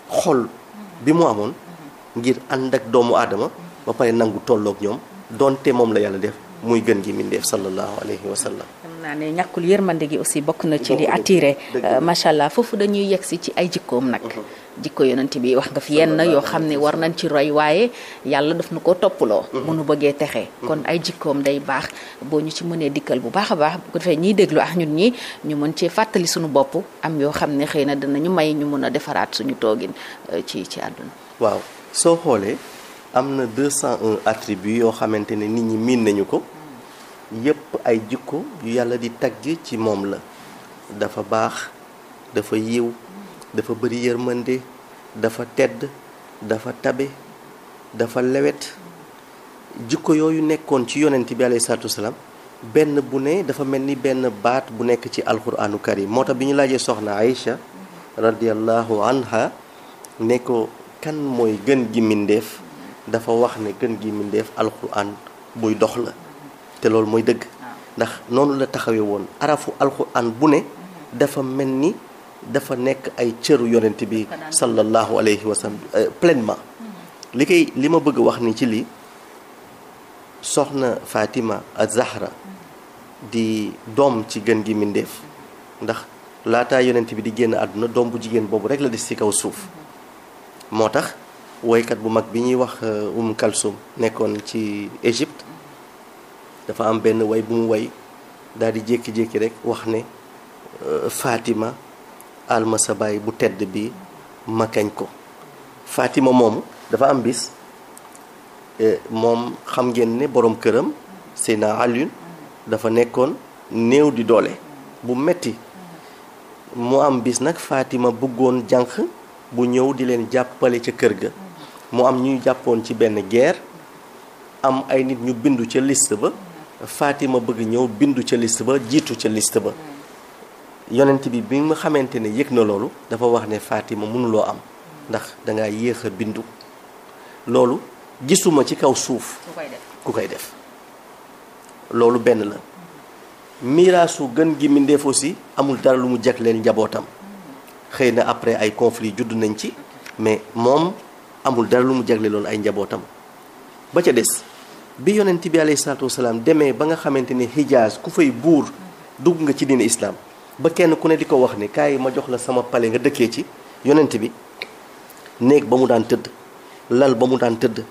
xol bi mu amoon ngir ànd ak doomu aadama ba pare nangu tolloog ñoom donte moom la yàlla def muy gën gi mindeef sallallahu alayhi wa sallam. xam naa ne ñàkkul yërmande gi aussi bokk na ci li attiré euh, macha allah foofu dañuy yegsi ci ay jikkoom nag. Mhm. jikko yonent bi wax nga fi yenn yoo xam ne war nañ ci roy waaye yàlla daf nu ko loo bu mhm. nu bëggee texe. Mhm. kon ay jikkoom day baax boo ñu ci mënee dikkal bu baax a baax bu ko defee ñiy déglu ak ñun ñi ñu mën cee fàttali suñu bopp am yoo xam ne xëy na dinañu may ñu mën a defaraat suñu toogin euh, ci ci àdduna. waaw soo xoolee am na 201 attributs yoo xamante ne nit ñi miin nañu ko. yépp ay jikko yu yàlla di tagg ci moom la dafa baax dafa yiw dafa bëri yërmande dafa tedd dafa tabe dafa lewet jikko yooyu nekkoon ci yonent bi alayhi salaatu wasalaam benn bu ne dafa mel ni benn baat bu nekk ci alquraanu karim moo bi ñu laajee soxna Aïcha radiallahu anha ne ko kan mooy gën gi mbindeef dafa wax ne gën gi mbindeef alquran buy dox la loolu mooy dëgg ah. ndax noonu la taxawee woon arafu alxuraan bu ne dafa mel ni dafa nekk ay cëru yonent bi sallallahu alayhi wa sallam euh, pleinement mm-hmm. li koy li ma bëgg wax ni ci lii soxna Fatima ak Zahra mm-hmm. di doom ci gën gi mindeef mm-hmm. ndax laataa yonent bi di génn àdduna doom bu jigéen boobu rek la des ci kaw suuf moo tax woykat bu mag bi ñuy wax Um Kalsum nekkoon ci Égypte dafa am benn way bu mu way daal di jékki-jékki rek wax ne euh, Fatima alma sa baay bu tedd bi makañ ko Fatima moomu dafa am bis euh, moom xam ngeen ne boroom këram Seydina Alioune dafa nekkoon néew di doole bu metti mu am bis nag Fatima bëggoon jànq bu ñëw di leen jàppale ca kër ga mu am ñuy jàppoon ci benn guerre am ay nit ñu bindu ca liste ba Fatima bëgg ñëw bindu ca liste ba jiitu ca liste ba yonent bi bi nga xamante ne yëg na loolu dafa wax ne Fatima mënuloo am ndax da ngaa yéex a bindu loolu gisuma ci kaw suuf ku koy def loolu benn la miraasu gën gi mbindeef aussi amul dara lu mu jag leen njabootam xëy na après ay conflits juddu nañ ci mais moom amul dara lu mu jagle loolu ay njabootam ba ca des bi yonent bi alayhi salaatu wasalaam demee ba nga xamante ni Hijaaz ku fay buur dugg nga ci diine islaam ba kenn ku ne di ko wax ni kaay ma jox la sama pale nga dëkkee ci yonent bi néeg ba mu daan tëdd lal ba mu daan tëdd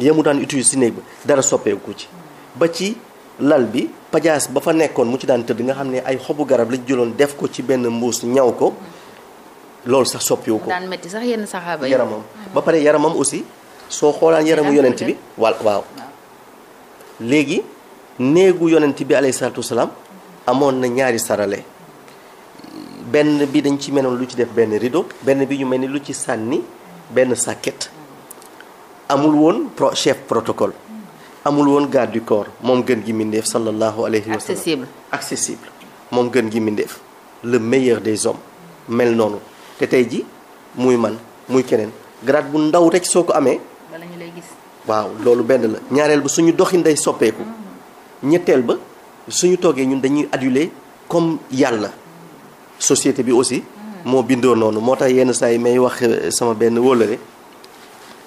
ya mu daan utiliser si néeg ba dara soppeeku ci ba ci lal bi pajaas ba fa nekkoon mu ci daan tëdd nga xam ne ay xobu garab lañ jëloon def ko ci benn mbuus ñaw ko loolu sax soppiwu ko. daan métti sax yenn saxaaba yi yaramam ba pare yaramam aussi soo xoolaan yaramu yonent bi léegi néegu yonent bi alayhi salaatu wasalaam amoon na ñaari sarale benn bi dañ ci meloon lu ci def benn rido benn bi ñu mel ni lu ci sànni benn sàkket amul woon pro chef protocole amul woon garde du corps moom gën gi mindeef sallallahu alayhi wa sallam accessible moom gën gi mindeef le meilleur des hommes mel noonu te tey ji muy man muy keneen grade bu ndaw rekk soo ko amee waaw loolu benn la ñaareel ba suñu doxin day soppeeku ñetteel ba suñu toogee ñun dañuy aduler comme yàlla société bi aussi moo bindoo noonu moo tax yenn saa yi may wax euh, sama benn wóolare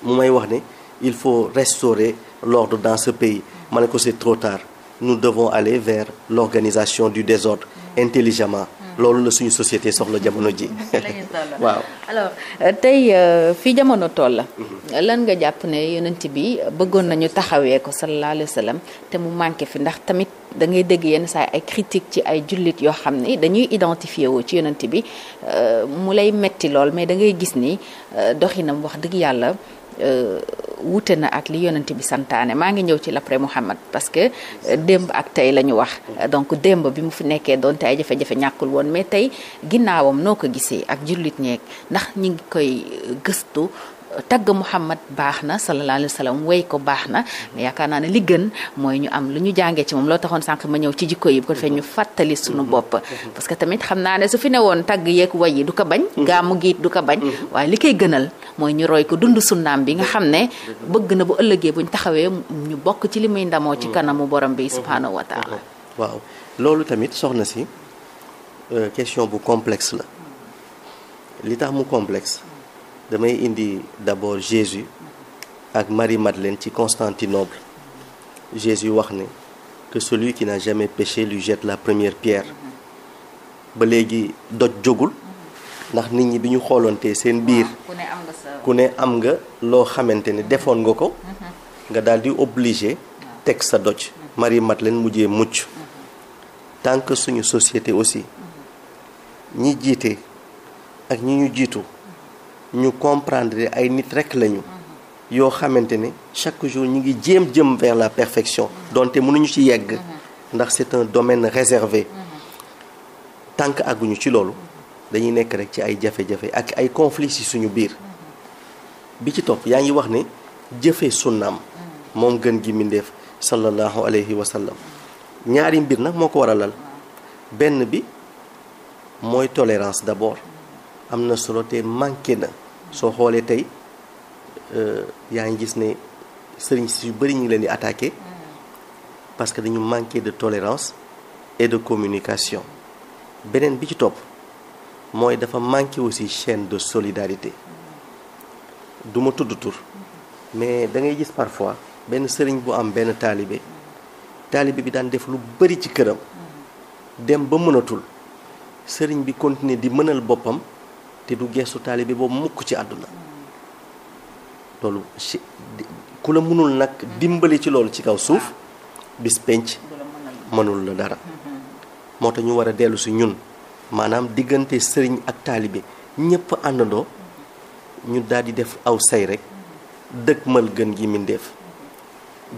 mu may wax ni il faut restaurer l'ordre dans ce pays ma ne ko c'est trop tard nu devons aller vers l'organisation du désordre intelligemment loolu la suñu société soxla jamono ji waaw alors euh, tey euh, fi jamono toll la mhm. lan nga jàpp ne yonent bi bëggoon nañu taxawee ko sallallahu alayhi wa sallam te mu manqué fi ndax tamit da ngay dégg yenn saa ay critique ci ay jullit yoo xam ni dañuy identifié woo ci yonent bi euh, mu lay metti lool mais da ngay gis ni doxinam wax dëgg yàlla wute na ak li yonent bi santaane maa ngi ñëw ci l'après Muhammad parce que euh, démb ak tey la ñu wax mm-hmm. donc démb bi mu fi nekkee donte ay jafe-jafe ñàkkul woon mais tey ginnaawam noo ko gisee ak jullit ñeek ndax ñu ngi koy euh, gëstu tagg Muhammad baax na sallallahu alayhi wa way ko baax na yaakaar naa ne li gën mooy ñu am lu ñu jàngee ci moom loo taxoon sànq ma ñëw ci jikko yi bu ko defee ñu fàttali suñu bopp parce que tamit xam naa ne su fi ne woon tagg yeeg way yi du ko bañ gaamu giit du ko bañ waaye li koy gënal mooy ñu roy ko dund sunnaam bi nga xam ne bëgg na bu ëllëgee bu buñ taxawee ñu bokk ci li muy ndamoo ci kanamu borom bi subhaanahu wa taala waaw loolu tamit soxna si euh, question bu complexe la li tax mu complexe damay indi d'abord Jésus ak Marie Madeleine ci Constantinople Jésus wax ne que celui qui n'a jamais péché lui la première pierre ba léegi doj jógul ndax nit ñi bi ñu xooloontee seen biir ku ne am nga loo xamante ne defoon nga ko mhm. nga daal di obligé teg sa doj mhm. Marie Madeleine mujjee mucc mhm. tant que suñu société aussi ñi jiite ak ñi ñu jiitu ñu comprendre ay nit rek lañu yoo xamante ne chaque jour ñu ngi jéem jëm vers la perfection donte mënuñu ci yegg ndax c'est un domaine réservé tant que ci loolu dañuy nekk rek ci ay jafe-jafe ak ay conflits ci suñu biir bi ci topp yaa ngi wax ne jëfe sunnaam moom gën gi mbindeef sallallahu alayhi wa ñaari mbir nag moo ko waralal benn bi mooy tolérance d'abord am na solo te manqué na soo xoolee tey euh, yaa ngi gis ne sëriñ si yu bëri ñu ngi leen di attaqué mm. parce que dañu manqué de tolérance et de communication beneen bi ci topp mooy dafa manqué aussi chaîne de solidarité mm. du ma tudd tur mais da ngay gis parfois benn sëriñ bu am benn taalibe mm. taalibe bi daan def lu bëri ci këram dem ba mënatul sëriñ bi continuer di mënal boppam te du geestu taalibe boobu mukk ci àdduna loolu si ku la mënul nag dimbali ci loolu ci kaw suuf bis penc mënul la dara moo tax ñu war a dellu si ñun maanaam diggante sëriñ ak taalibe ñépp àndandoo ñu daldi def aw say rek dëgmal gën gi mindeef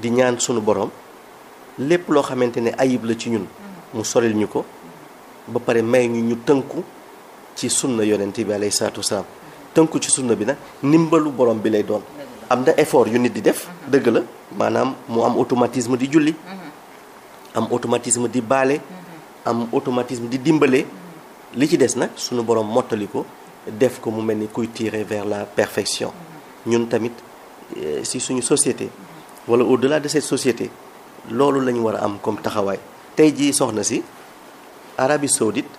di ñaan sunu boroom lépp loo xamante ne ayib la ci ñun mu soril ñu ko ba pare may ñu ñu tënku ci sunna yonent bi alayhi salaatu wasalaam tënku ci sunna bi nag ndimbalu borom bi lay doon am na effort yu nit di def dëgg la maanaam mu am automatisme di julli am automatisme di baale am automatisme di dimbale li ci des nag suñu borom mottali ko def ko mu mel ni kuy tirer vers la perfection ñun tamit eh, si suñu société wala au-delà de cette société loolu lañu war a am comme taxawaay tey jii soxna si Arabie Saoudite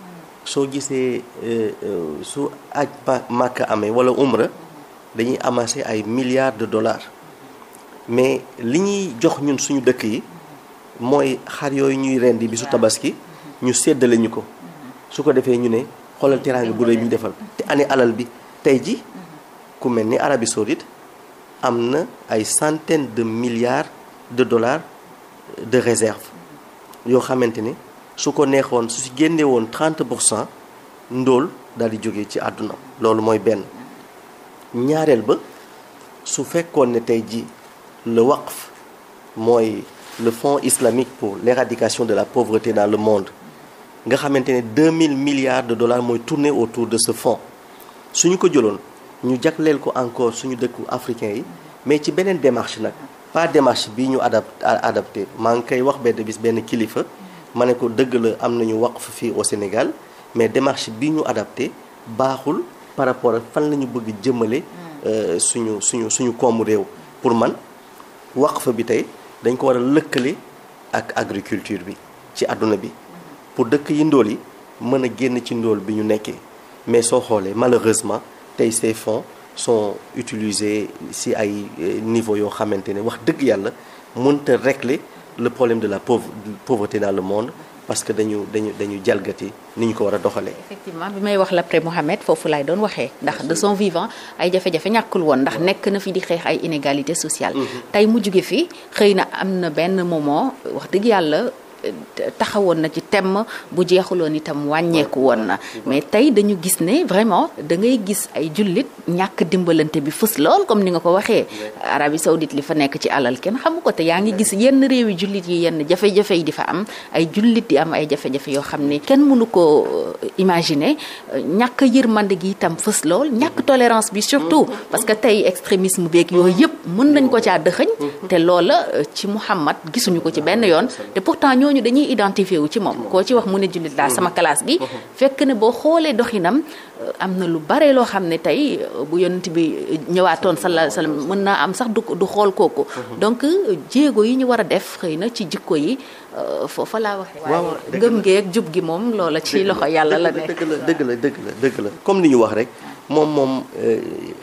soo gisee euh, euh, su aj màkka amee wala umra dañuy amassé ay milliards de dollars mais li ñuy jox ñun suñu dëkk yi mooy xar yooyu ñuy rendi bi su tabaski ñu séddale ko su ko defee ñu ne xoolal teraanga bu rëy bi ñu defal te année alal bi tey ji ku mel ni Arabie Saoudite am na ay centaines de milliards de dollars de réserve yoo xamante ne su ko neexoon su si génne woon 30 pour cent ndóol daal di jóge ci àdduna loolu mooy benn ñaareel ba su fekkoon ne tey ji le waqf mooy le fonds islamique pour l'éradication de la pauvreté dans le monde nga xamante ne 2000 milliards de dollars mooy tourner autour de ce fonds su ñu ko jëloon ñu jagleel ko encore suñu dëkku africain yi mais ci beneen démarche nag pas démarche bi ñu adap adapté maa ngi koy wax benn bis benn kilifa ma ne ko dëgg la am nañu waqf fii au Sénégal mais démarché bi ñu adapté baaxul par rapport ak fan lañu ñu bëgg jëmale hmm. euh, suñu suñu suñu koomu réew pour man waqf bi tey dañ ko war a lëkkale ak agriculture bi ci àdduna bi hmm. pour dëkk yi ndóol yi mën a génn ci ndool bi ñu nekkee mais soo xoolee malheureusement tey ces fonds sont utilisés si ay euh, niveau yoo xamante ne wax dëgg yàlla mënta régler le problème de la pauvreté dans le monde parce que dañu dañu dañu jalgati ni ñu ko war a doxalee. effectivement bi may wax l' après Mohamed foofu laay doon waxee ndax de son vivant ay jafe-jafe ñàkkul woon ndax nekk na fi di xeex ay inégalité sociale mhm. tey mu jóge fi xëy na am na benn moment wax dëgg yàlla. taxawoon na ci temm bu jeexuloon itam wàññeeku woon na mais tey dañu gis ne vraiment da ngay gis ay jullit ñàkk dimbalante bi fës lool comme ni nga ko waxee Arabie Saoudite li fa nekk ci alal kenn xamu ko te yaa ngi gis yenn réew yi jullit yi yenn jafe-jafe yi di fa am ay jullit di am ay jafe-jafe yoo xam ne kenn mënu ko euh, imagine ñàkk yërmande gi itam fës lool ñàkk tolérance bi surtout parce que tey extrémisme beeg yooyu yëpp mën nañ ko caa dëxëñ te loola euh, ci Muhammad gisuñu ko ci benn yoon ñooñu dañuy identifié wu ci moom koo ci wax mu ne jullit laa sama classe gi fekk ne boo xoolee doxinam euh, am na lu bare loo xam ne tey euh, bu bi euh, ñëwaatoon sallallahu alayhi mën naa am sax du du xool kooku donc jéego yi ñu war a def xëy na ci jikko yi foofa laa waxe waaw ngëm ngeeg jub gi moom loola ci loxo yàlla la nekk dëgg la dëgg la dëgg la comme ni ñu wax rek moom moom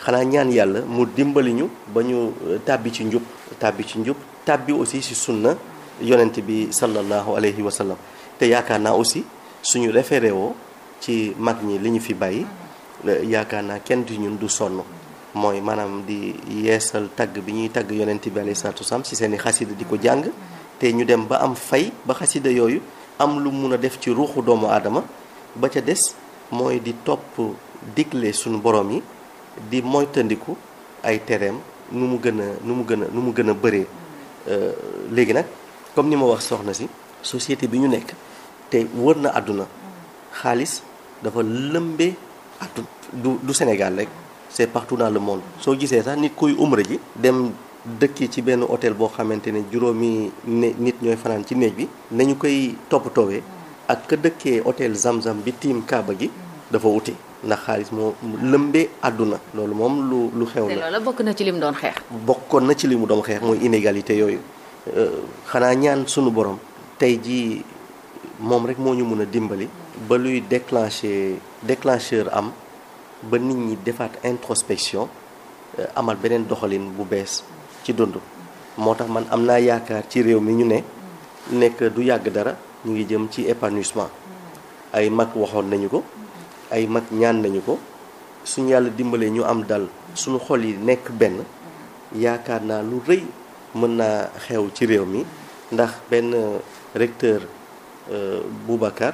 xanaa ñaan yàlla mu dimbali ñu ba ñu tàbbi ci njub tàbbi ci njub tàbbi aussi ci sunna yonent bi sallallahu alayhi wa te yaakaar naa aussi suñu référé woo ci mag ñi li ñu fi bàyyi yaakaar naa kenn di ñun du sonn mooy maanaam di yeesal tagg bi ñuy tagg yonent bi alayhi salaatu wasalaam ci seen i xasida di ko jàng te ñu dem ba am fay ba xasida yooyu am lu mun a def ci ruuxu doomu aadama ba ca des mooy di topp digle suñu borom yi di moytandiku ay tereem nu mu gën a nu mu gën a nu mu gën a bëree euh, léegi nag comme ni ma wax soxna si société bi ñu nekk te wër na àdduna xaalis dafa lëmbe àdduna du du Sénégal rek c'est partout dans le monde soo gisee sax nit kuy umra ji dem dëkki ci benn hôtel boo xamante ne juróomi ne nit ñooy fanaan ci néeg bi nañu koy toppatoowee ak ka dëkkee hôtel Zamzam bi tiim Kaaba gi dafa wuti ndax xaalis moo lëmbee àdduna loolu moom lu lu xew la. te bokk na ci li mu doon xeex. bokkoon na ci li mu doon xeex mooy inégalité yooyu. xanaa ñaan sunu borom tey jii moom rek moo ñu mun a dimbali. ba luy déclancher déclencheur am ba nit ñi defaat introspection euh, amal beneen doxalin bu bees ci dund. moo tax man am naa yaakaar ci réew mi ñu ne nekk du yàgg dara ñu ngi jëm ci épanouissement ay mag waxoon nañu ko ay mag ñaan nañu ko suñ yàlla dimbalee ñu am dal suñu xol yi nekk benn yaakaar naa lu rëy. mën naa xew ci réew mi ndax benn recteur euh, Boubacar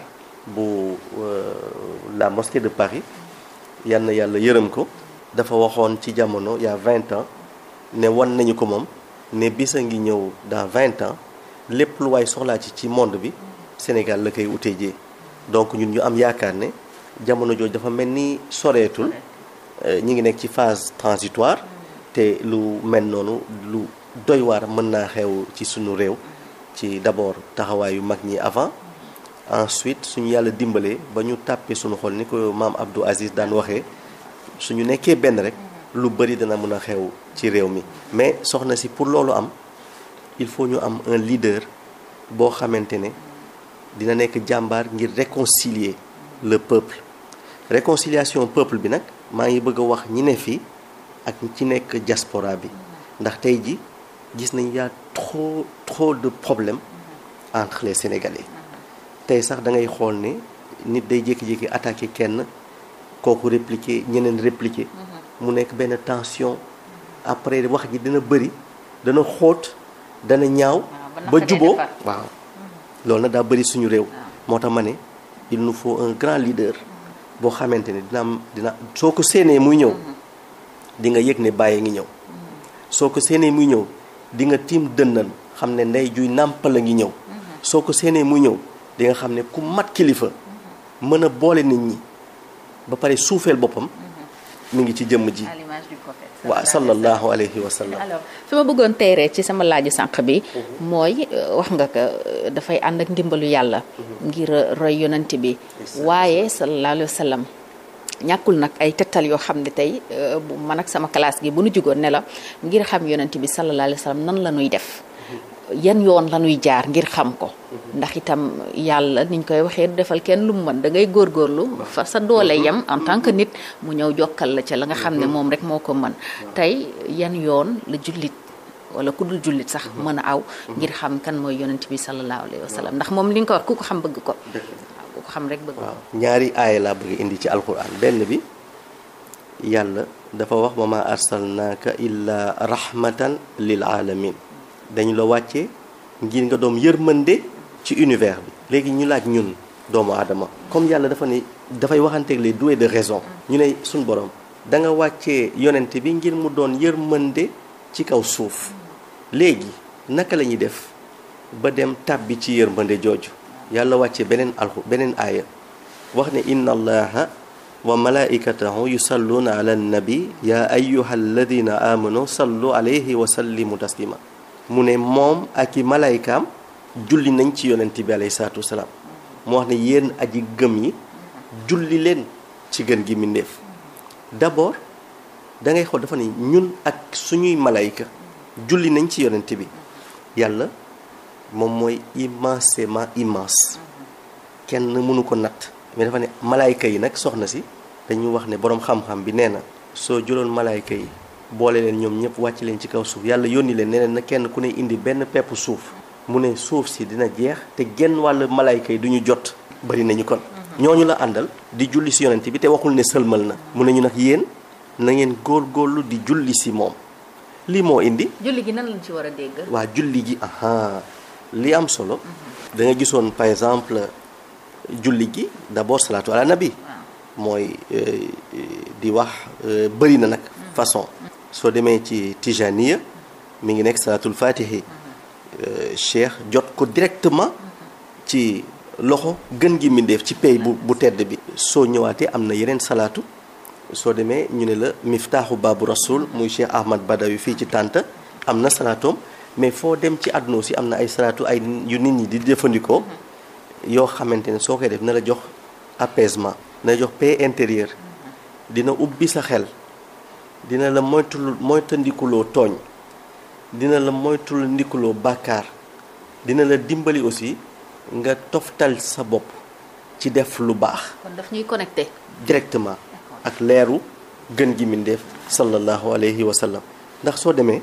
bu euh, la mosqué de Paris yal yàlla yërëm ko dafa waxoon ci jamono il vingt ans ne wan nañu ko moom ne bis a ngi ñëw dans vingt ans lépp lu waay soxlaa ci ci monde bi Sénégal la koy utee jee donc ñun ñu am yaakaar ne jamono jooju dafa mel ni soreetul euh, ñu ngi nekk ci phase transitoire te lu mel noonu lu doy waar mën naa xew ci sunu réew ci d'abord taxawaayu mag ñi avant ensuite suñu yàlla dimbalee ba ñu tàppee suñu xol ni ko maam Abdou Aziz daan waxee suñu nekkee benn rek lu bëri dana mën a xew ci réew mi mais soxna si pour loolu am il faut ñu am un leader boo xamante ne dina nekk jàmbaar ngir réconcilier le peuple réconciliation peuple bi nag maa ngi bëgg a wax ñi ne fii ak ci nekk diaspora bi ndax tey ji gis nañ y a trop trop de problèmes entre les Sénégalais tey sax da ngay xool ni nit day jékki-jékki attaqué kenn kooku répliqué ñeneen répliqué mu nekk benn tension après wax ji dina bëri dana xóot dana ñaaw ah, ba juboo waaw mm-hmm. loolu nag daa bëri suñu réew ah. moo tax ma ne il nous faut un grand leader boo xamante ne dina dina soo ko séenee muy ñëw mm-hmm. di nga yëg ne bàyyi ngi ñëw mm-hmm. soo ko séenee muy ñëw di nga tiim dënnal xam ne ndey juy nàmpal a ngi ñëw soo ko séenee mu ñëw dinga xam ne ku mat kilifa mën a boole nit ñi ba pare suufeel boppam mu ngi ci jëmm ji waaw sallallahu alayhi wa fi ma bëggoon teeree ci sama laaju sànq bi mhm. mooy euh, wax nga ko euh, dafay ànd ak ndimbalu yàlla mhm. ngir euh, roy yonent bi waaye sallallahu alayhi wa ñàkkul nag ay tettal yoo xam ne tey euh, bu man ak sama classe gi bu nu jugoon nelaw ngir xam yonent bi sallallahu alayhi nan la ñuy def yan yoon la ñuy jaar ngir xam ko ndax itam yàlla niñ koy waxee defal kenn lu mu mën da ngay góorgóorlu sa doole yem en tant que nit mu ñëw jokkal la la nga xam ne moom rek moo ko mën tey yan yoon la jullit wala ku dul jullit sax mën a aw ngir xam kan mooy yonent bi sallallahu alayhi wa sallam ndax moom li nga ko wax ku ko xam bëgg ko xam rek bëgg waaw ñaari aaya laa bëgg indi ci alquran benn bi yàlla dafa wax wa ma arsalnaaka illa rahmatan lil alamin dañu la wàcce ngir nga doom yërmande ci univers bi léegi ñu laaj ñun doomu aadama comme yàlla dafa ne dafay waxanteeg les doués de raison ñu ne suñ borom da nga wàccee yonent bi ngir mu doon yërmande ci kaw suuf léegi naka la ñuy def ba dem tàbbi ci yërmande jooju yàlla wàcce beneen alxu beneen aaya wax ne inna allaha wa malaikatahu na ala annabi ya ayuha alladina amanu sallu alayhi wa sallimu taslima mu ne moom ak i malaykaam julli nañ ci yonent bi alayhi salaatu wasalaam mu wax ne yéen aji gëm yi julli leen ci gën gi mbindéef d'abord da ngay xool dafa ne ñun ak suñuy malayka julli nañ ci yonent bi yàlla moom mooy ma immense kenn mënu ko natt mais dafa ne malaayka yi nag soxna si dañu wax ne boroom xam-xam bi nee na soo jëloon malaayka yi boole leen ñoom ñëpp wàcc leen ci kaw suuf yàlla yónni leen nee na kenn ku ne indi benn pepp suuf mu ne suuf si dina jeex te genn wàll malaayka yi du ñu jot bari nañu kon mhm. ñooñu la àndal di julli si yonent bi te waxul ne sëlmal na mu ne ñu nag yéen na ngeen góorgóorlu di julli si moom lii moo indi. julli a dégg. li am solo da gisoon par exemple julli gi d'abord salaatu ala nabi mooy euh, di wax euh, bëri na nag mm. façon soo demee ci tijaniya mi ngi nekk salaatul fatihi mm-hmm. euh, cheikh jot ko directement mm-hmm. ci loxo gën gi mbindeef ci pay mm-hmm. bu tedd bi soo ñëwaatee am na yeneen salaatu soo demee ñu ne la miftaaxu baabu rasul muy cheikh ahmad badawi fii ci tànta am na salaatoom mais foo dem ci àdduna aussi am na ay salaatu ay yu nit ñi di jëfandikoo yoo xamante ne soo koy def na la jox apaisement na la jox paix intérieure dina ubbi sa xel dina la moytul moytandikuloo tooñ dina la moytul ndikuloo bàkkaar dina la dimbali aussi nga toftal sa bopp ci def lu baax. kon directement ak leeru gën gi mindeef sallallahu alayhi wa ndax soo demee.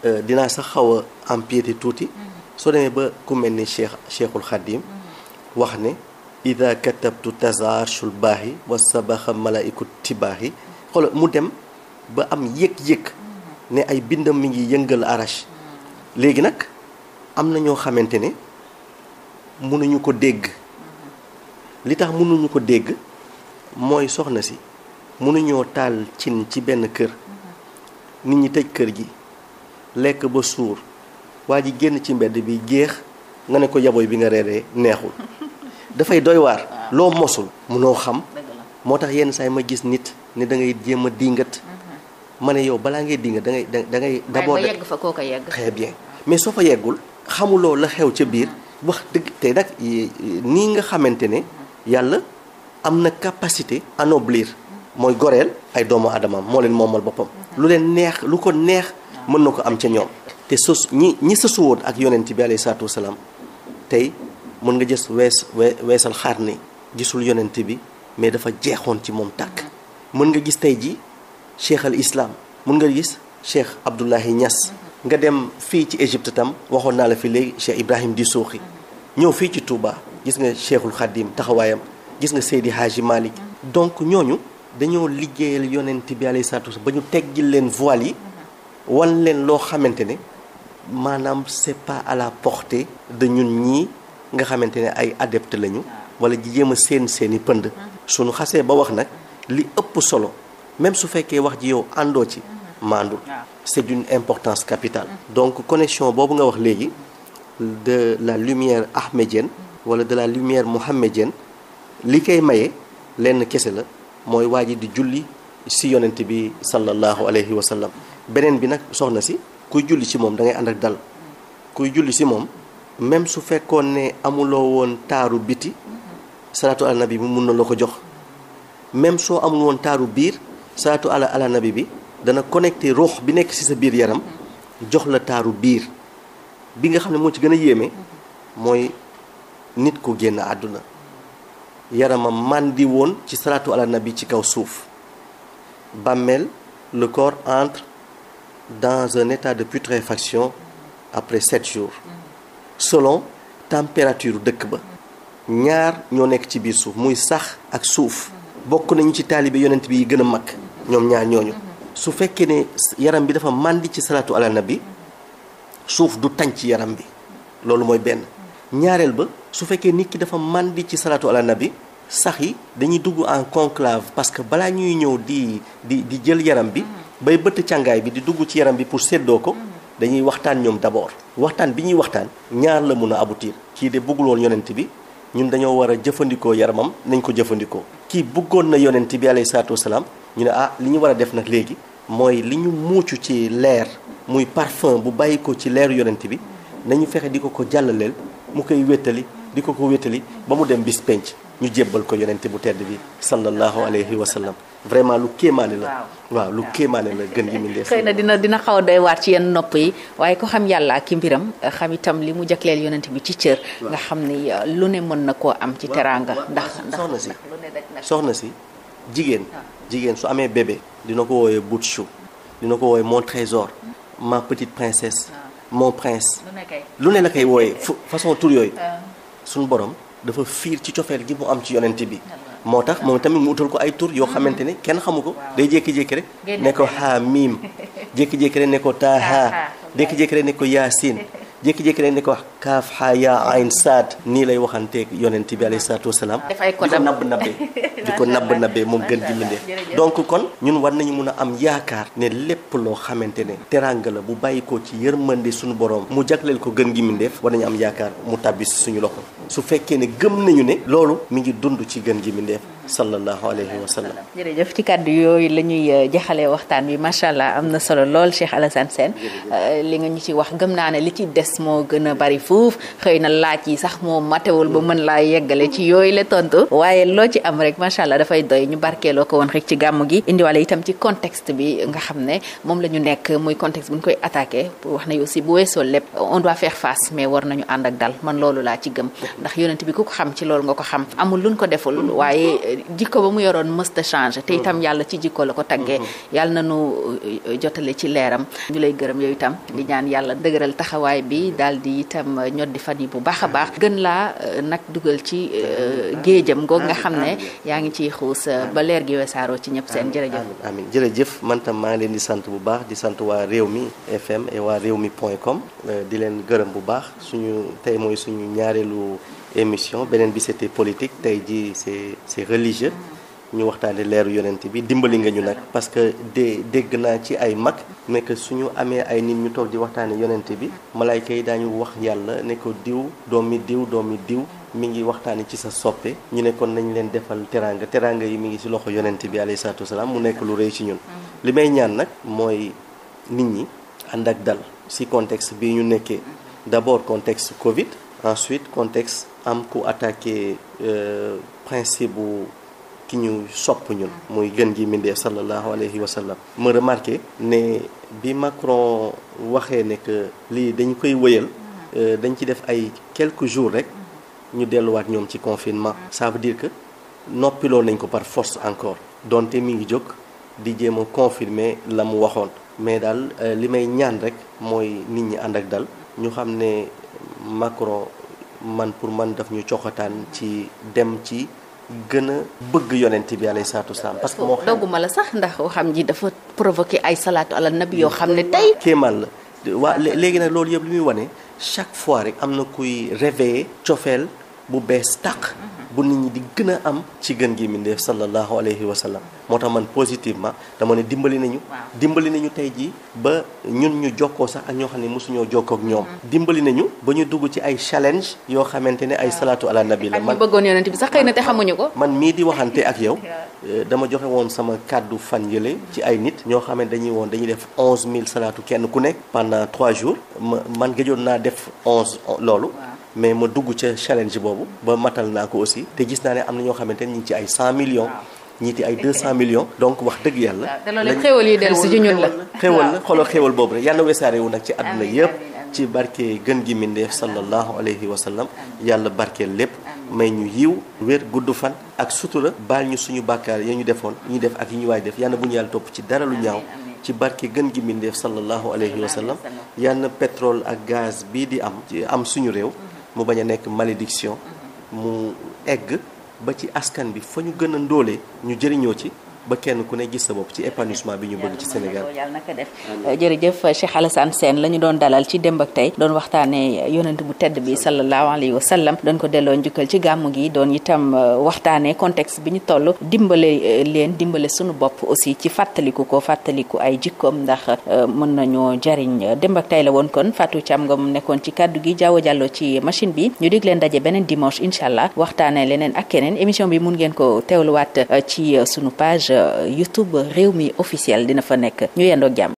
Euh, dinaa sax xaw a empiété tuuti mhm. soo demee ba ku mel ni cheikh cheikhul xadim mhm. wax ne ida katabtu tazarchul baahi wa sabaxa malaiku tibaahi mhm. xoolal mu dem ba am yëg-yëg ne ay bindam mi ngi yëngal arash léegi nag am na ñoo xamante ne mënuñu ko dégg li tax mënuñu ko dégg mooy soxna si mënuñoo taal cin ci benn kër nit ñi tëj kër gi lekk ba suur waa ji génn ci mbedd bi jeex nga ne ko yaboy bi nga reeree neexul dafay doy ah. loo mosul munoo xam moo tax yenn saay ma gis nit ne dangay ngay jéem a dingat mm-hmm. ma ne yow balaa ngay dingat dangay ngay da ngay d'abord yegg fa kooka yegg très mais soo fa yeggul xamuloo la xew ca biir wax dëgg tey nii nga xamante ne mm-hmm. yàlla am na capacité anoblir mm-hmm. mooy goreel ay doomu aadamaam moo leen moomal boppam lu leen neex lu ko neex mën na ko am ca ñoom te sos ñi ñi sësu woon ak yonent bi alayhi salaatu wasalaam tey mën nga gës wees weesal xaar ni gisul yonent bi mais dafa jeexoon ci moom tàkk mën nga gis tey ji cheikh al islam mën nga gis cheikh Abdoulahi ñas nga dem fii ci Égypte tam waxoon naa la fi léegi cheikh Ibrahim di sooxi ñëw fii ci Touba gis nga cheikhul Khadim taxawaayam gis nga Seydi Hadji Malick donc ñooñu dañoo liggéeyal yonent bi alayhi salaatu wasalaam ba ñu teggil leen voile yi wan leen loo xamante ne maanaam c'est pas à la portée de ñun ñii nga xamante ne ay adepte lañu wala ji jéem a seen seen i pënd suñu xasee ba wax nag li ëpp solo même su fekkee wax ji yow àndoo ci maandul c'est d'une importance capitale donc connexion boobu nga wax léegi de la lumière ahmédienne wala de la lumière mohammédienne li koy maye lenn kese la mooy waa ji di julli si yonent bi sallallahu alayhi wa sallam beneen bi nag soxna si kuy julli ci moom dangay ànd ak dal kuy julli ci moom même su fekkoon ne amuloo woon taaru biti salaatu ala nabi bi mun na la ko jox même soo amul taaru biir salaatu ala ala nabi bi dana connecté rox bi nekk ci sa biir yaram jox la taaru biir bi nga xam ne moo ci gën a yéeme mooy nit ku génn àdduna yaramam màndi woon ci salaatu ala nabi ci kaw suuf bàmmeel le corps entre dans un état de putréfaction après sept jours selon température dëkk ba ñaar ñoo nekk ci biir suuf muy sax ak suuf bokk nañu ci taalibe yonent bi yi gën a mag ñoom ñaar ñooñu su fekkee ne yaram bi dafa màndi ci salaatu ala nabi suuf du tañ ci yaram bi loolu mooy benn ñaareel ba su fekkee nit ki dafa màndi ci salaatu ala sax yi dañuy dugg en conclave parce que balaa ñuy ñëw di di di jël yaram bi bay bëtt càngaay bi di dugg ci yaram bi pour séddoo ko dañuy waxtaan ñoom d'abord waxtaan bi ñuy waxtaan ñaar la mun a aboutir kii de bëgguloon yonent bi ñun dañoo war a jëfandikoo yaramam nañ ko jëfandikoo kii bëggoon na yonent bi alayhi salaatu wasalaam ñu ne ah li ñu war a def nag léegi mooy li ñu muucu ci leer muy parfum bu bàyyi ko ci leeru yonent bi nañu fexe di ko ko jàllaleel mu koy wéttali di ko ko wéttali ba mu dem bis penc ñu jébbal ko yonent bu tedd bi sallallahu alayhi wa sallam vraiment lu kéemaane la waaw lu kéemaane la gën gi mu ngi xëy na dina dina xaw a doy waar ci yenn nopp yi waaye ko xam yàlla ak mbiram xam itam li mu jagleel yonent bi ci cër. nga xam ni euh, lu ne mën na koo am. ci teraanga ndax ndax soxna si soxna si jigéen. Ah. jigéen su amee bébé. dina ko wooyee Butchou. dina ko wooyee mon trésor. Hmm. ma petite princesse. Ah. mon prince. lu ne la koy wooyee façon tur yooyu. Ah. suñu borom dafa fiir ci cofeel gi mu am ci yonent bi. moo tax moom tamit mu utal ko ay tur yoo mm. xamante ni kenn xamu ko day jékki-jékki rek ne ko xaa miim jékki-jékki rek ne ko taaha jékki-jékki rek ne ko yaasin jékki-jékki rek ni ko wax kaaf xaa yaa ayn saad nii lay waxanteeg yonent bi alayhi salaatu wasalaam di ko nabb nabbee di ko nabb moom gën gi donc kon ñun war nañu mun a am yaakaar ne lépp loo xamante ne teranga la bu bàyyi ko ci yërmande suñu borom mu jagleel ko gën gi mindeef war nañu am yaakaar mu tàbbi suñu loxo su fekkee ne gëm nañu ne loolu mi ngi dund ci gën gi mindeef sallallahu alayhi wa sallam. yooyu la ñuy euh, jeexalee waxtaan wi macha allah am na solo lool Cheikh Alassane Sène euh, li nga ñu ci wax gëm naa ne li ci des moo gën a bari fuuf xëy na laaj yi sax moo matewul ba mën laa yeggale ci yooyu la tontu waaye loo ci am rek macha allah dafay doy ñu barkeeloo ko woon rek ci gàmm gi indiwale itam ci contexte bi nga xam ne moom la ñu nekk muy contexte bu koy attaqué pour wax ne aussi bu weesoo lépp on doit mais war nañu ànd ak dal man loolu laa ci gëm ndax yonent bi ku ko xam ci loolu nga ko xam amul luñ ko deful waaye jikko ba mu yoroon most changé te mm-hmm. itam yàlla ci jikko la ko taggee mm-hmm. yàlla na nu uh, jotale ci leeram ñu lay gërëm yow itam mm-hmm. di ñaan yàlla dëgëral taxawaay bi daal di itam uh, ñoddi fan yi bu baax a baax gën laa uh, nag dugal ci géejam goog nga xam ne yaa ngi ciy xuus ba leer gi wesaaroo ci ñëpp seen jërëjëf amin jërëjëf man maa ngi leen di sant bu baax di sant waa réew mi fm waa réew mi point com di leen gërëm bu baax suñu tey mooy suñu ñaareelu émission beneen bi c'était politique tey jii c'est c'est religieux ñu waxtaane leeru yonent bi dimbali nga ñu nag parce que dé dégg naa ci ay mag mais su ñu amee ay nit ñu toog di waxtaane yonent bi malayka yi daañu wax yàlla ne ko diw doomi diw doomi diw mi ngi waxtaane ci sa soppe ñu ne kon nañ leen defal teraanga teraanga yi mi ngi ci loxo yonent bi alayhi salaatu wasalaam mu nekk lu rëy ci ñun li may ñaan nag mooy nit ñi ànd ak dal ci contexte bi ñu nekkee d'abord contexte Covid am ku attaqué euh, principe bu ki ñu sopp ñun muy gën gi mindee sallallahu alayhi wa sallam ma remarqué ne bi Macron waxee ne que lii dañ koy wëyal euh, dañ ci def ay quelques jours rek ñu delluwaat ñoom ci confinement ça veut dire que noppiloo nañ ko par force encore donte mi ngi jóg di jéem a confirmer la mu waxoon mais daal euh, li may ñaan rek mooy nit ñi ànd ak dal ñu xam ne Macron man pour man daf ñu coxataan ci dem ci gën a bëgg yonent bi alayhi salaatu wasalaam parce que moo dogguma la sax ndax xam ji dafa provoqué ay salaatu ala nabi yoo xam ne tey kéemaan la waa léegi nag loolu yëpp li muy wane chaque fois rek am na kuy réveiller cofeel bu bees tàq bu nit ñi di gën a am ci gën gi mindeef sallallahu alayhi wa sallam moo tax man positivement dama ne dimbali nañu dimbali nañu tey jii ba ñun ñu jokkoo sax ak ñoo xam ne mosuñoo jokkook ñoom mm-hmm. dimbali nañu ba ñu dugg ci ay challenge yoo xamante ne ay salaatu ala nabi la man bëggoon bi sax xëy na te xamuñu ko man mii di waxante ak yow eh, dama joxe woon sama kàddu fan yële ci ay nit ñoo xam dañuy woon dañu def onze mille salaatu kenn ku nekk pendant trois jours man gëjoon naa def onze loolu mais ma dugg ca challenge boobu ba matal naa ko aussi te gis naa ne am na ñoo xamante ni ñu ngi ci ay 100 millions. ñii ci ay 200 millions. donc wax dëgg yàlla. waaw te xéwal yi dellu si ci ñun la. xéwal la xooloo xéwal boobu rek yàlla wesaare wu nag ci àdduna yëpp. ci barke gën gi mindeef sallallahu alayhi wa sallam yàlla barkeel lépp may ñu yiw wér gudd fan ak sutura baal ñu suñu bàkkaar ya ñu defoon ñu def ak yi ñu waay def yàlla bu ñu yàlla topp ci dara lu ñaaw ci barke gën gi mindeef sallallahu alayhi wa sallam yàlla petrol ak gaz bii di am am suñu réew mu bañ a nekk malédiction mu egg ba ci askan bi fa ñu gën a ndoolee ñu jëriñoo ci ba kenn ku ne gis sa bopp ci épanouissement bi ñu bëgg ci Sénégal yàlla naka def jërëjëf Cheikh Alassane Sène la ñu doon dalal ci démb tey doon waxtaanee yonent bu tedd bi sallallahu alayhi wa sallam doon ko delloo njukkal ci gàmm gi doon itam euh, waxtaanee contexte bi ñu toll dimbale euh, leen dimbale suñu bopp aussi ci fàttaliku ko fàttaliku ay jikkoom ndax euh, mën nañoo jariñ démb ak la woon kon Fatou Thiam Ngom nekkoon ci kàddu gi jaawo jàllo ci machine bi ñu dig leen daje beneen dimanche incha allah waxtaane leneen ak keneen émission bi mun ngeen ko teewluwaat ci sunu page Euh, YouTube réew mi officiel dina fa nekk ñu yendoog jàmm